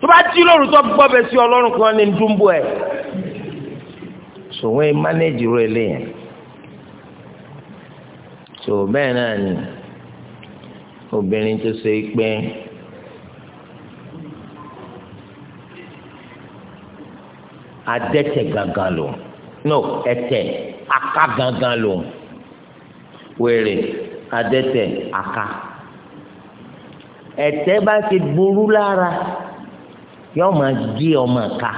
S1: tó bá tí lóru tó gbọ́bẹ sí ọlọ́run kan ní dúnbò ẹ̀ sòwọ́n mánéjì rẹ̀ lẹ́yìn so bẹ́ẹ̀ náà ni obìnrin tó ṣe pé adẹ́tẹ̀ gangan lò no ẹ̀tẹ̀ aká gangan lò wèrè adẹ́tẹ̀ aká ẹ̀tẹ̀ bá ti burú lára yóò máa gé ọmọ ká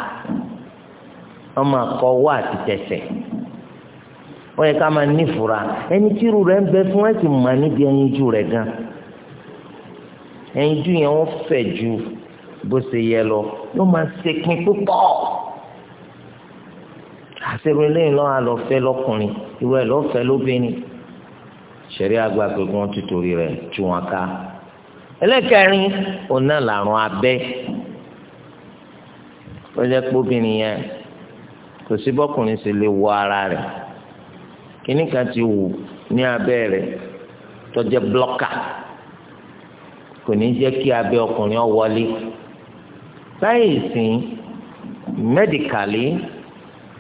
S1: ọmọ akọwọ àti tẹsẹ̀ ó yẹ ká máa nífura ẹni tí irú rẹ̀ ń bẹ fún ẹ ti mọ níbi ẹyinjú rẹ̀ gan ẹyinjú yẹn wọ́n fẹ̀ ju bó ṣe yẹ lọ yóò máa ṣe pin púpọ̀ àṣẹwìn lẹ́yìn lọ́wọ́ àlọ́fẹ́ lọ́kùnrin ìwọ ẹ̀ lọ́fẹ́ lóbìnrin ṣẹ̀rí àgbà pé wọ́n ti torí rẹ̀ tú wọn ká ẹlẹ́kẹ̀rin ọ̀nà làrùn abẹ́ ó jẹ́ pé obìnrin yẹn kò sí bọ́kùnrin sì lè wọ ara rẹ̀ kíní kan ti wù ní abẹ́ rẹ̀ tó jẹ́ kò ní jẹ́ kí abẹ́ ọkùnrin ọ wọlé sáyẹ̀nsì mẹ́díkàlì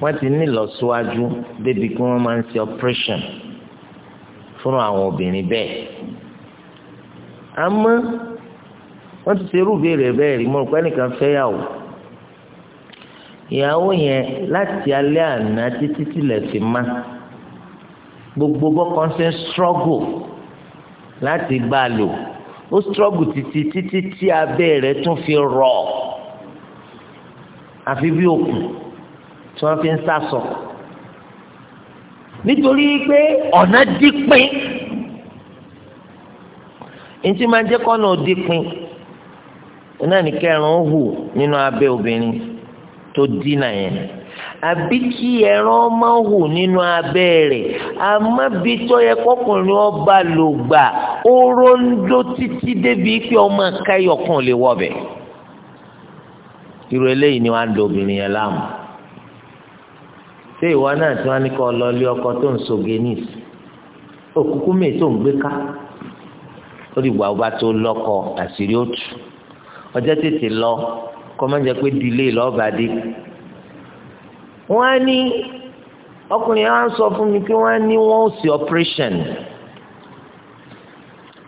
S1: wọ́n ti ní ìlọsíwájú débi kí wọ́n máa ń ṣe operation fún àwọn obìnrin bẹ́ẹ̀ àmọ́ wọ́n ti ṣe irú ìbéèrè bẹ́ẹ̀ rí mo rò pé ẹnìkan fẹ́yàwó ìyàwó yẹn láti alẹ́ àná títí tilẹ̀ fi má gbogbo bọ́kàn ṣe ń struggle láti bá a lò ó struggle títí títí tí abẹ́ rẹ̀ tún fi rọ̀ àfi bí okùn tí wọ́n fi ń sásọ nítorí pé ọ̀nà dípin ntí máa jẹ́ kọ́nà dípin náà ní kẹrin ó hù nínú abẹ́ obìnrin tó dínà yẹn àbí kí ẹran máa hù nínú abẹ́ rẹ̀ amábitọ́ yẹ kọkùnrin ọba lò gbà ó ròǹdó títí débi pé ọmọ akáyọ̀kan lè wọ̀bẹ̀. irú eléyìí ni wàá ń do obìnrin yẹn láàmú ṣé ìwọ náà tí wọ́n ní kọ́ lọ lé ọkọ tó ń soge ní òkùnkùn mi tó ń gbé ká ó di ìgbà ọba tó lọ́kọ àṣírí ó ọjọ́ tètè lọ kọ́ pé dílé lọ́ọ́ bá dé wọ́n á ní ọkùnrin á sọ fún mi pé wọ́n ní wọ́n sì operation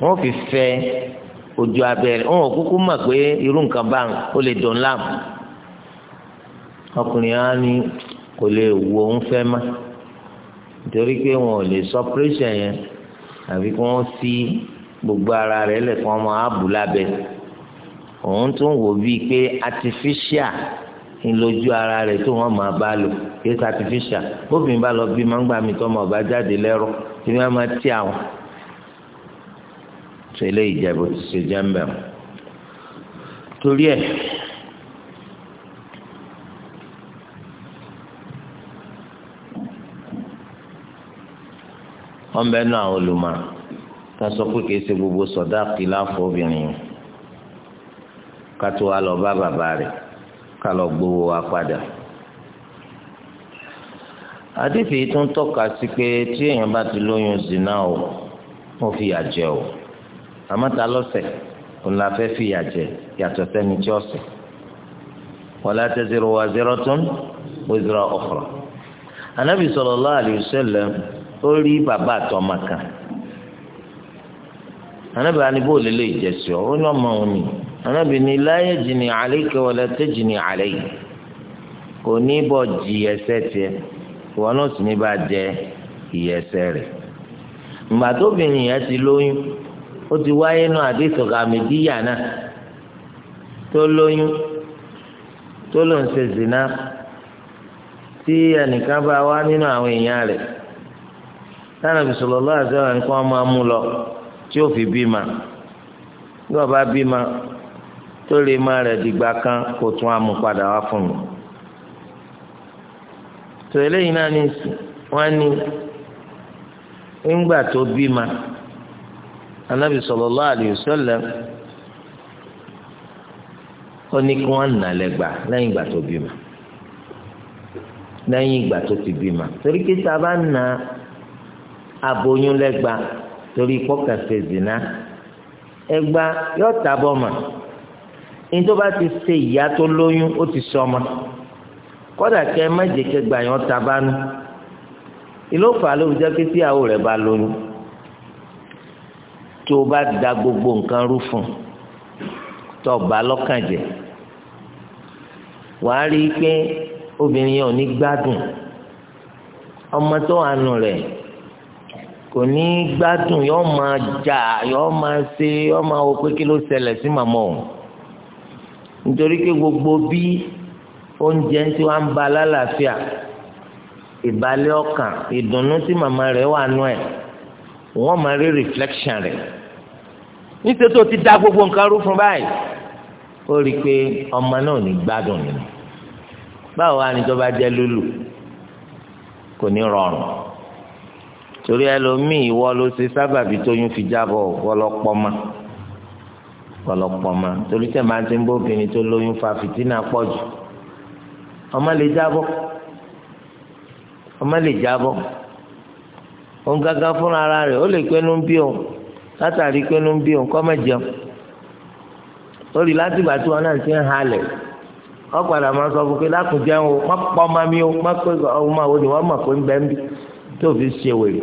S1: wọ́n fi fẹ́ ojú abẹ́rẹ́ wọ́n ò kúkú mọ̀ pé irú nǹkan bá ń ó lè dùn láàmú ọkùnrin á ní kò lè wo òun fẹ́ má nítorí pé wọn ò lè sọ operation yẹn àbí kí wọ́n sí gbogbo ara rẹ̀ lẹ̀ kí wọ́n máa bù lábẹ́ òun tún wò bíi pé artificial ńlójú ara rẹ̀ tó wọ́n máa bá lò kí ẹsẹ artificial bófin bá lọ bí máa ń gbà mí tọmọ ọba jáde lẹrọ tí wọ́n máa tí àwọn. tẹ́lẹ̀ ìjẹbù ti ṣe jẹmbẹ o torí ẹ̀ wọ́n bẹ nù àwọn olùmọ̀ ká sọ pé kìí ṣe gbogbo sọdá kìlá fún obìnrin kátó wa lọ bá bàbá rẹ̀ ká gbowó wa padà. àdìfẹ́ tó ń tọ́ka sí pé tí èèyàn bá ti lóyún zina o wọ́n fi yà jẹ o àmọ́ ta lọ́sẹ̀ òun la fẹ́ fi yà jẹ yàtọ̀ sẹ́ni tí ọ̀sẹ̀ wala taziru waziratun wizra ukhra anabi sallallahu alayhi wa ó rí bàbá àtọmọ kan anabi anibó lélẹ ìjẹsì ọ ó ní ọmọ òun nìyí. arábìnrin láyé jìnnì àlékè wọlé tẹ jìnnì àléyé kò ní bọ jì ẹsẹ̀ tiẹ̀ ìwọ náà sì ní bá jẹ ìyẹsẹ rẹ̀ ìgbà tóbìnrin yẹn ti lóyún ó ti wáyé nù àdìsọ̀gà mẹ́díyà náà tó lóyún tó ló ń ṣe zina tí ẹnìkan bá wá nínú àwọn èèyàn rẹ̀ táwọn ìbísọ̀lọ́ lọ́wọ́ àti ẹ̀rọ nǹkan máa mú lọ tí ó fi bímọ bí wọ́n bá bímọ tó lè má rẹ̀ dìgbà kan kó tún amú padà wá fún mi. tó eléyìí náà ní wọ́n ní ńgbà tó bímọ anabi sallallahu alayhi wa sallam ó ní kí wọ́n nà lẹ́gbàá lẹ́yìn ìgbà tó bímọ lẹ́yìn ìgbà tó ti bímọ torí kí tá nà bá na aboyún lẹ́gba torí pọ́kà ṣe zina ẹgba yóò ta bọ́ mà ní tó bá ti ṣe ìyá tó lóyún ó ti ṣe ọmọ kódà kẹ mẹjẹ kẹgbà yẹn ta bá nu ìlú fà ló jẹ pé tíyàwó rẹ bá lóyún tó bá da gbogbo nǹkan rú fún tó bá lọ́kàn jẹ́ wàá rí i pé obìnrin yẹn ò ní gbádùn ọmọ tó wà nù rẹ̀ kò ní gbádùn yọọ máa jà yọọ máa ṣe yọọ máa wọ pé kí ló ṣẹlẹ̀ sí màmá òun nítorí pé gbogbo bí oúnjẹ tí wọ́n ń ba lálàáfíà ìbálẹ̀ ọkàn ìdùnnú tí màmá rẹ̀ wà nù ẹ̀ wọ́n máa rí reflection rẹ̀ níṣẹ́ tó ti dá gbogbo nǹkan rú fún báyìí ó rí i pé ọmọ náà ní gbádùn nínú báwo wá níjọba jẹ́ lólù kò ní rọrùn torí ẹlòmíì ìwọ ló ṣe sábàbí tóyún fi jábọ̀ ọ̀pọ̀lọpọ̀ máa. pọ̀lọpọ̀ ma torí tẹ máa ti ń bóbìnrin tó lóyún fa fìtínà pọ̀ jù ọmọ lè jábọ́ ọmọ lè jábọ́ òun gángan fúnra ara rẹ̀ ó lè pẹnu ń bí òun látàrí pẹnu ń bí òun kọ́ mẹ́jẹun ó rí tí wọn náà ti ń halẹ̀ wọ́n padà máa sọ fún pé lákùnjẹ́ o má pọ́ ọmọ mi ọ, má pé ọmọ àwọn ni wọ́n mọ̀ pé ń bẹ́ ń bí tó fi ṣe wèrè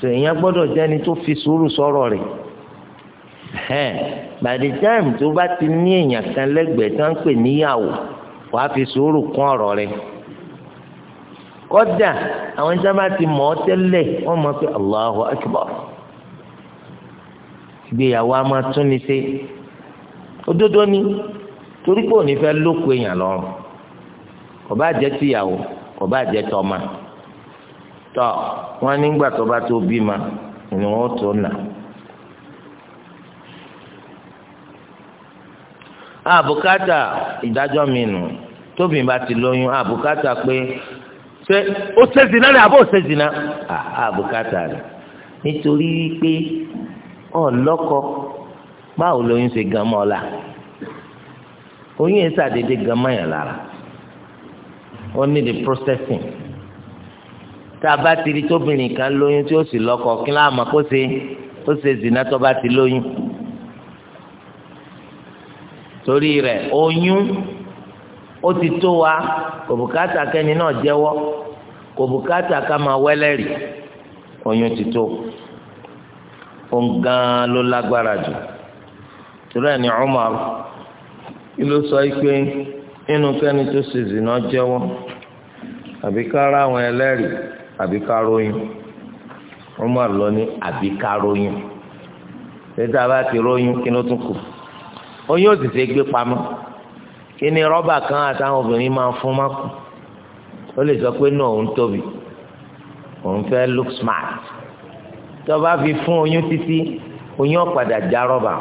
S1: tèèyàn gbọ́dọ̀ jẹ́ni tó fi sùúrù sọ̀rọ̀ rẹ̀ by the time tó bá ti ní èèyàn kan lẹ́gbẹ̀ẹ́ tó ń pè níyàwó wàá fi sùúrù kún ọ̀rọ̀ rẹ̀ àwọn ẹni tí bá ti mọ̀ ọ́ tẹ́lẹ̀ wọ́n mọ̀ pé Allahu Akbar ìgbéyàwó a máa tún ni òdodo ni torí pé òní fẹ́ lóko èèyàn lọ́rùn kò bá jẹ́ tìyàwó kò bá jẹ́ tọ́mà tọ́ wọn nígbà tó bá tó ma, ni wọ́n Abukata ìdájọ́ mi nù tóbi bá ti lóyún àbùkátà pé ṣe ó ṣe zina rẹ àbó ṣe zina àbùkátà rẹ nítorí pé ọlọ́kọ báwo lóyún ṣe gan mọ́ la oyún yẹn ṣàdédé gan mọ́ lára ó ní the processing tá a bá ti rí tóbìnrin kan lóyún tí ó sì lọ́kọ kí láàmú kó ṣe ó ṣe zina tó bá ti lóyún. torí rẹ oyún ó ti tó wa kò bùkátà kẹ́ni náà jẹwọ kò bùkátà ká máa wẹ́lẹ́rì oyún ti tó ó gan ló lágbára jù torí ẹni Umar ló sọ pé nínú kẹ́ni tó ṣe zìnà jẹ́wọ́ àbí ká rá àwọn ẹlẹ́rìí àbí ká róyún Umar ló ní àbí ká róyún ṣé tá a bá ti róyún kí ló tún kù. oyún òsì ṣe gbé pamọ́ kí ni rọ́bà kan àtàwọn obìnrin máa fún mọ́kù ó lè sọ pé náà òun tóbi òun fẹ́ look smart tó bá fi fún oyún títí oyún ọ̀padà já rọ́bà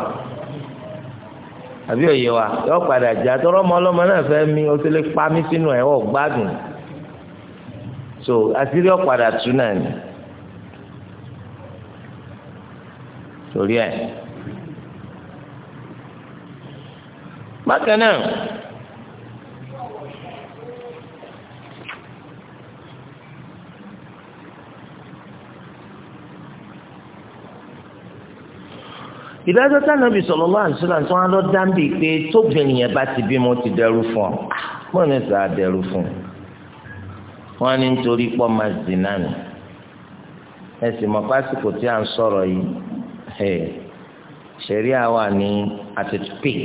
S1: àbí òye wa yọ padà já tọrọ ọmọ ọlọmọ náà fẹ́ mi ó ti lè pa mí sínú ẹ̀ ọ̀ gbádùn so àṣírí ọ̀padà tú náà ni torí ẹ̀. bákan náà ìdájọ́ tánàbì sọ̀rọ̀ lọ́wọ́ àṣìlá tí wọ́n lọ dáńbì pé tóbìnrin yẹn bá ti bímọ ti dẹrú fún ọ mọ̀ ní sàá dẹrú fún wọn ní nítorí pọ́ máa zìnnà ni ẹ sì mọ̀ pásítọ̀ tí a ń sọ̀rọ̀ yìí ṣẹ̀rí àwa ní àtẹ̀tù pèk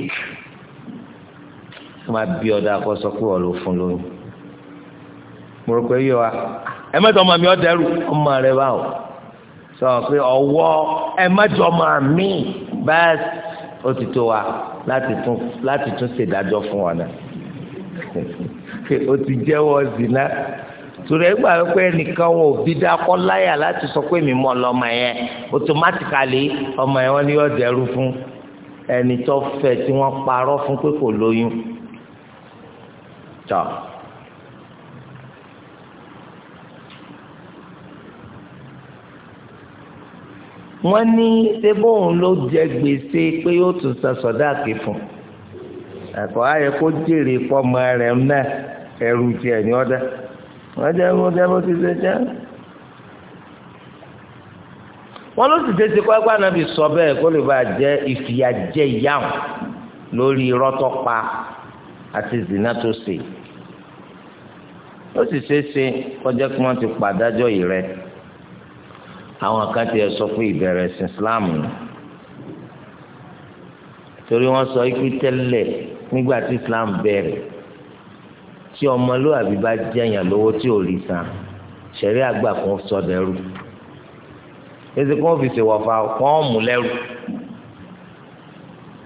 S1: wọn bá bí ọdọ akọsọ pé wọn ló fún lóyún mo rò pé yọ wa ẹ mẹta ọmọ mi ọdẹrù ọmọ rẹ bá o sọ pé ọwọ ẹ mẹjọ ọmọ mi bẹ́ẹ̀ ó ti tó wa láti tún láti tún ṣèdájọ́ fún wa náà o ti jẹ́wọ́ zina torí ẹgbà pé nìkan wọn ò bí dákọ́ láyà láti sọ pé mi mọ̀ lọ́mọ yẹn automatically ọmọ yẹn wọ́n ní yọ dẹrú fún ẹni tó tí wọ́n parọ́ fún pé kò lóyún tọ́ wọ́n ní sebóun ló jẹ gbèsè pé yóò tún san sọ̀dáàkì fún ẹ̀kọ́ ayẹ kó jèrè pọ́mọ rẹ̀ náà ẹrù tiẹ̀ ní ọ̀dà wọ́n jẹ́ wọ́n jẹ́ bó ti ṣe jẹ́ wọ́n ló sì tètè kọ́ ẹgbẹ́ ànábì sọ bẹ́ẹ̀ kó lè bá jẹ́ ìfìyàjẹ ìyáhùn lórí irọ́ àti zina ó sì ṣeé ṣe kọjá kí wọ́n ti pàdájọ́ yìí rẹ àwọn kan ti sọ fún ìbẹ̀rẹ̀ sí Islam torí wọ́n sọ ikú tẹ́lẹ̀ nígbà tí Islam bẹ̀rẹ̀ tí ọmọlúwàbí bá jẹyàn lówó tí ò rí san ṣẹ̀rí àgbà kan sọdẹ̀rù èsì kan fi ṣe wọ̀fà kan mú lẹ́rù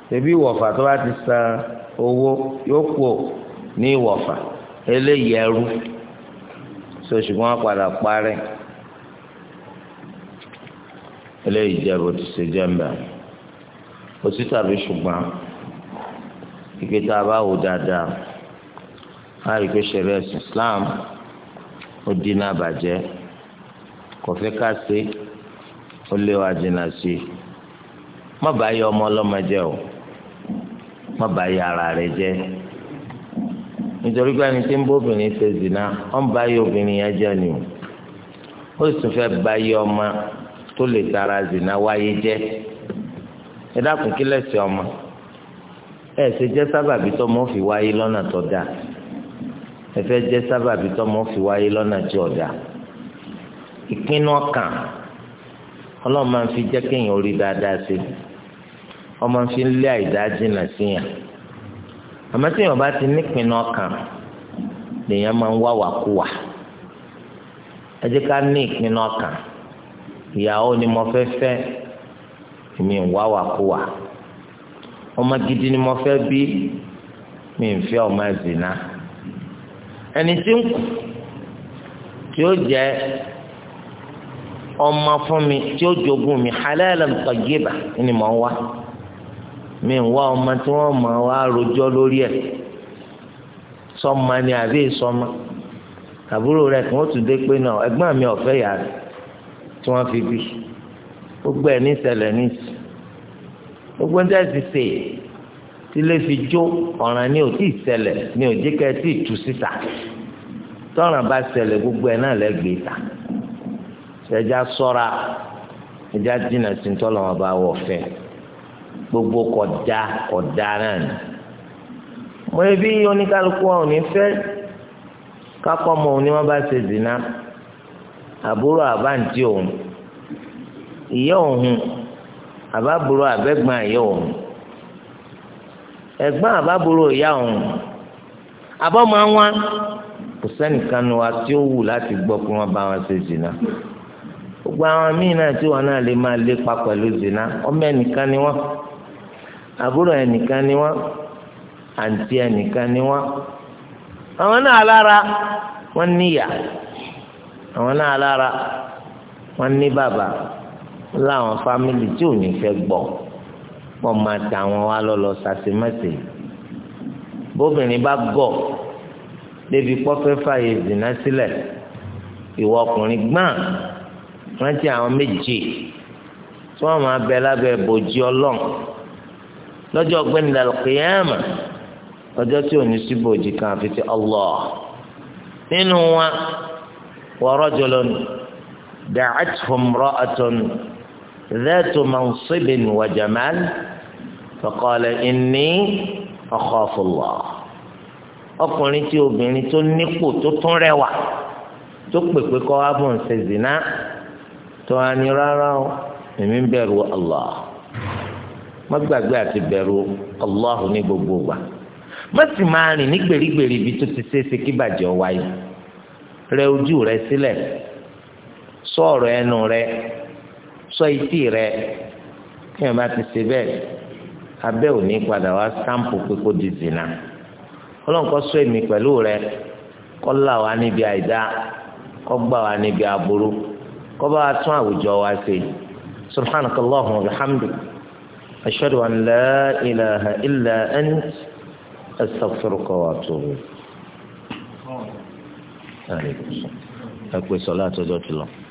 S1: ṣebí wọ̀fà tó bá ti san owó yóò pọ̀ ní ìwọ̀fà eléyìí ẹrú so ṣùgbọ́n wọ́n padà parẹ́ eléyìí jẹ́ bó ti ṣe jẹ́ mbà òsì tàbí ṣùgbọ́n ike tá a bá wò dáadáa a rí pé ṣẹlẹ̀ ẹ̀sìn Islam ó dín náà bàjẹ́ kò fẹ́ ká ṣe ó lé wa jìnnà sí i má bàa yọ ọmọ ọlọ́mọ o má bàa yọ ara rẹ jẹ́ nítorí pé ẹni tí ń bóbìnrin ṣe zìnà ó bá yé obìnrin yẹn jẹ́ ni o ó sì fẹ́ bá yé ọmọ tó lè tara zina wáyé jẹ́ ẹ dákun kí ọmọ ẹ ṣe jẹ́ sábàbí fi wáyé lọ́nà tó dáa ẹ fẹ́ jẹ́ sábàbí fi wáyé lọ́nà tí ò dáa ìpinnu ọkàn ọlọ́run máa ń fi jẹ́ kéèyàn orí dáadáa sí ọmọ fi ń lé jìnnà àmọ́ tí èèyàn bá ti nípinnu ọkàn lèèyàn máa ń wá wàkúwà ẹ jẹ́ ká ní ìpinnu ọkàn ìyàwó ni mo fẹ́ fẹ́ mi ń wá wàkúwà ọmọ gidi ni mo fẹ́ bí mi ń fẹ́ ọmọ ẹ̀zìnà ẹni tí ń kù tí ó jẹ ọmọ fún mi tí ó jogún mi halalan tayyiba ni mo ń wá mi wá ọmọ tí wọ́n mọ̀ wá rojọ́ lórí ẹ̀ sọ́mọ ni àbí ìsọmọ àbúrò rẹ̀ kí wọ́n tún dé pé náà ẹ̀gbọ́n mi ọ̀fẹ́ yà rẹ̀ tí wọ́n fi bí gbogbo ẹ̀ ní ìṣẹ̀lẹ̀ ní ìsì gbogbo ń tẹ̀sí sè tílé fi jó ọ̀ràn ni ò tí ì ṣẹlẹ̀ ni ò jẹ́ kẹ́ ẹ tí ì tú síta tọ́ràn bá ṣẹlẹ̀ gbogbo ẹ̀ náà lẹ́gbẹ̀ẹ́ ta ṣẹjá sọ́ra ẹjá dínà sí ń tọ́lọ́wọ́n bá wọ̀ fẹ́ẹ́ gbogbo kọjá kọjá náà ni mo ebi oníkálukú ọ̀hún ní fẹ́ kápọ̀ mọ́ òun ni wọ́n bá ṣe zina àbúrò àbáǹtí òun ìyá òun àbábúrò àbẹ́gbọ́n ìyá òun ẹ̀gbọ́n àbábúrò ìyá òun àbọ̀mọ́ wọn kò sẹ́nìkan nu wa tí ó wù láti gbọ́ pé wọ́n bá wọn ṣe zina gbogbo àwọn míì náà tí wọn náà lè máa lépa pẹ̀lú zina ọmọ ẹnìkan ni wọ́n àbúrò ẹnìkan ni wọ́n àǹtí ẹnìkan ni wọ́n àwọn náà lára wọ́n níyà àwọn náà lára wọ́n ní bàbá láwọn fámìlì tí ò ní fẹ́ gbọ́ wọ́n máa ta àwọn wa lọ́lọ́ sàtìmẹ́sì bóbìnrin bá gọ̀ débi pọ́fẹ́ fàyè zìnà sílẹ̀ ìwọ ọkùnrin gbọ́n rántí àwọn méje tí wọ́n máa bẹ lábẹ́ bòjì ọlọ́run lọ́jọ́ ọ̀gbẹ́ni làlùkìyàmà ọjọ́ tí ò ní síbò òjì kan àfi ti Allah nínú wa wa rajulun da'athu imra'atun dhatu mansibin wa jamal faqala inni akhafu Allah ọkùnrin tí obìnrin tó nípò tó tún rẹwà tó pèpè kọ́ abùn ṣe tó wá ní rárá o èmi ń bẹ̀rù Allah. má gbàgbé àti bẹ̀rù Allahu ní gbogbo wa má sì máa rìn ní gbèrígbèrí ibi tó ti kí bàjẹ́ rẹ ojú rẹ sílẹ̀ sọ ọ̀rọ̀ ẹnu rẹ sọ etí rẹ kí ti ṣe bẹ́ẹ̀ abẹ́ òní padà wá sáǹpù pípọ́ di zina ọlọ́run sọ èmi pẹ̀lú rẹ là wá níbi àìdá gbà wá níbi bá wa tún àwùjọ ṣe أشهد أن لا إله إلا أنت أستغفرك وأتوب إليك. عليكم السلام. أكوي صلاة جوت الله.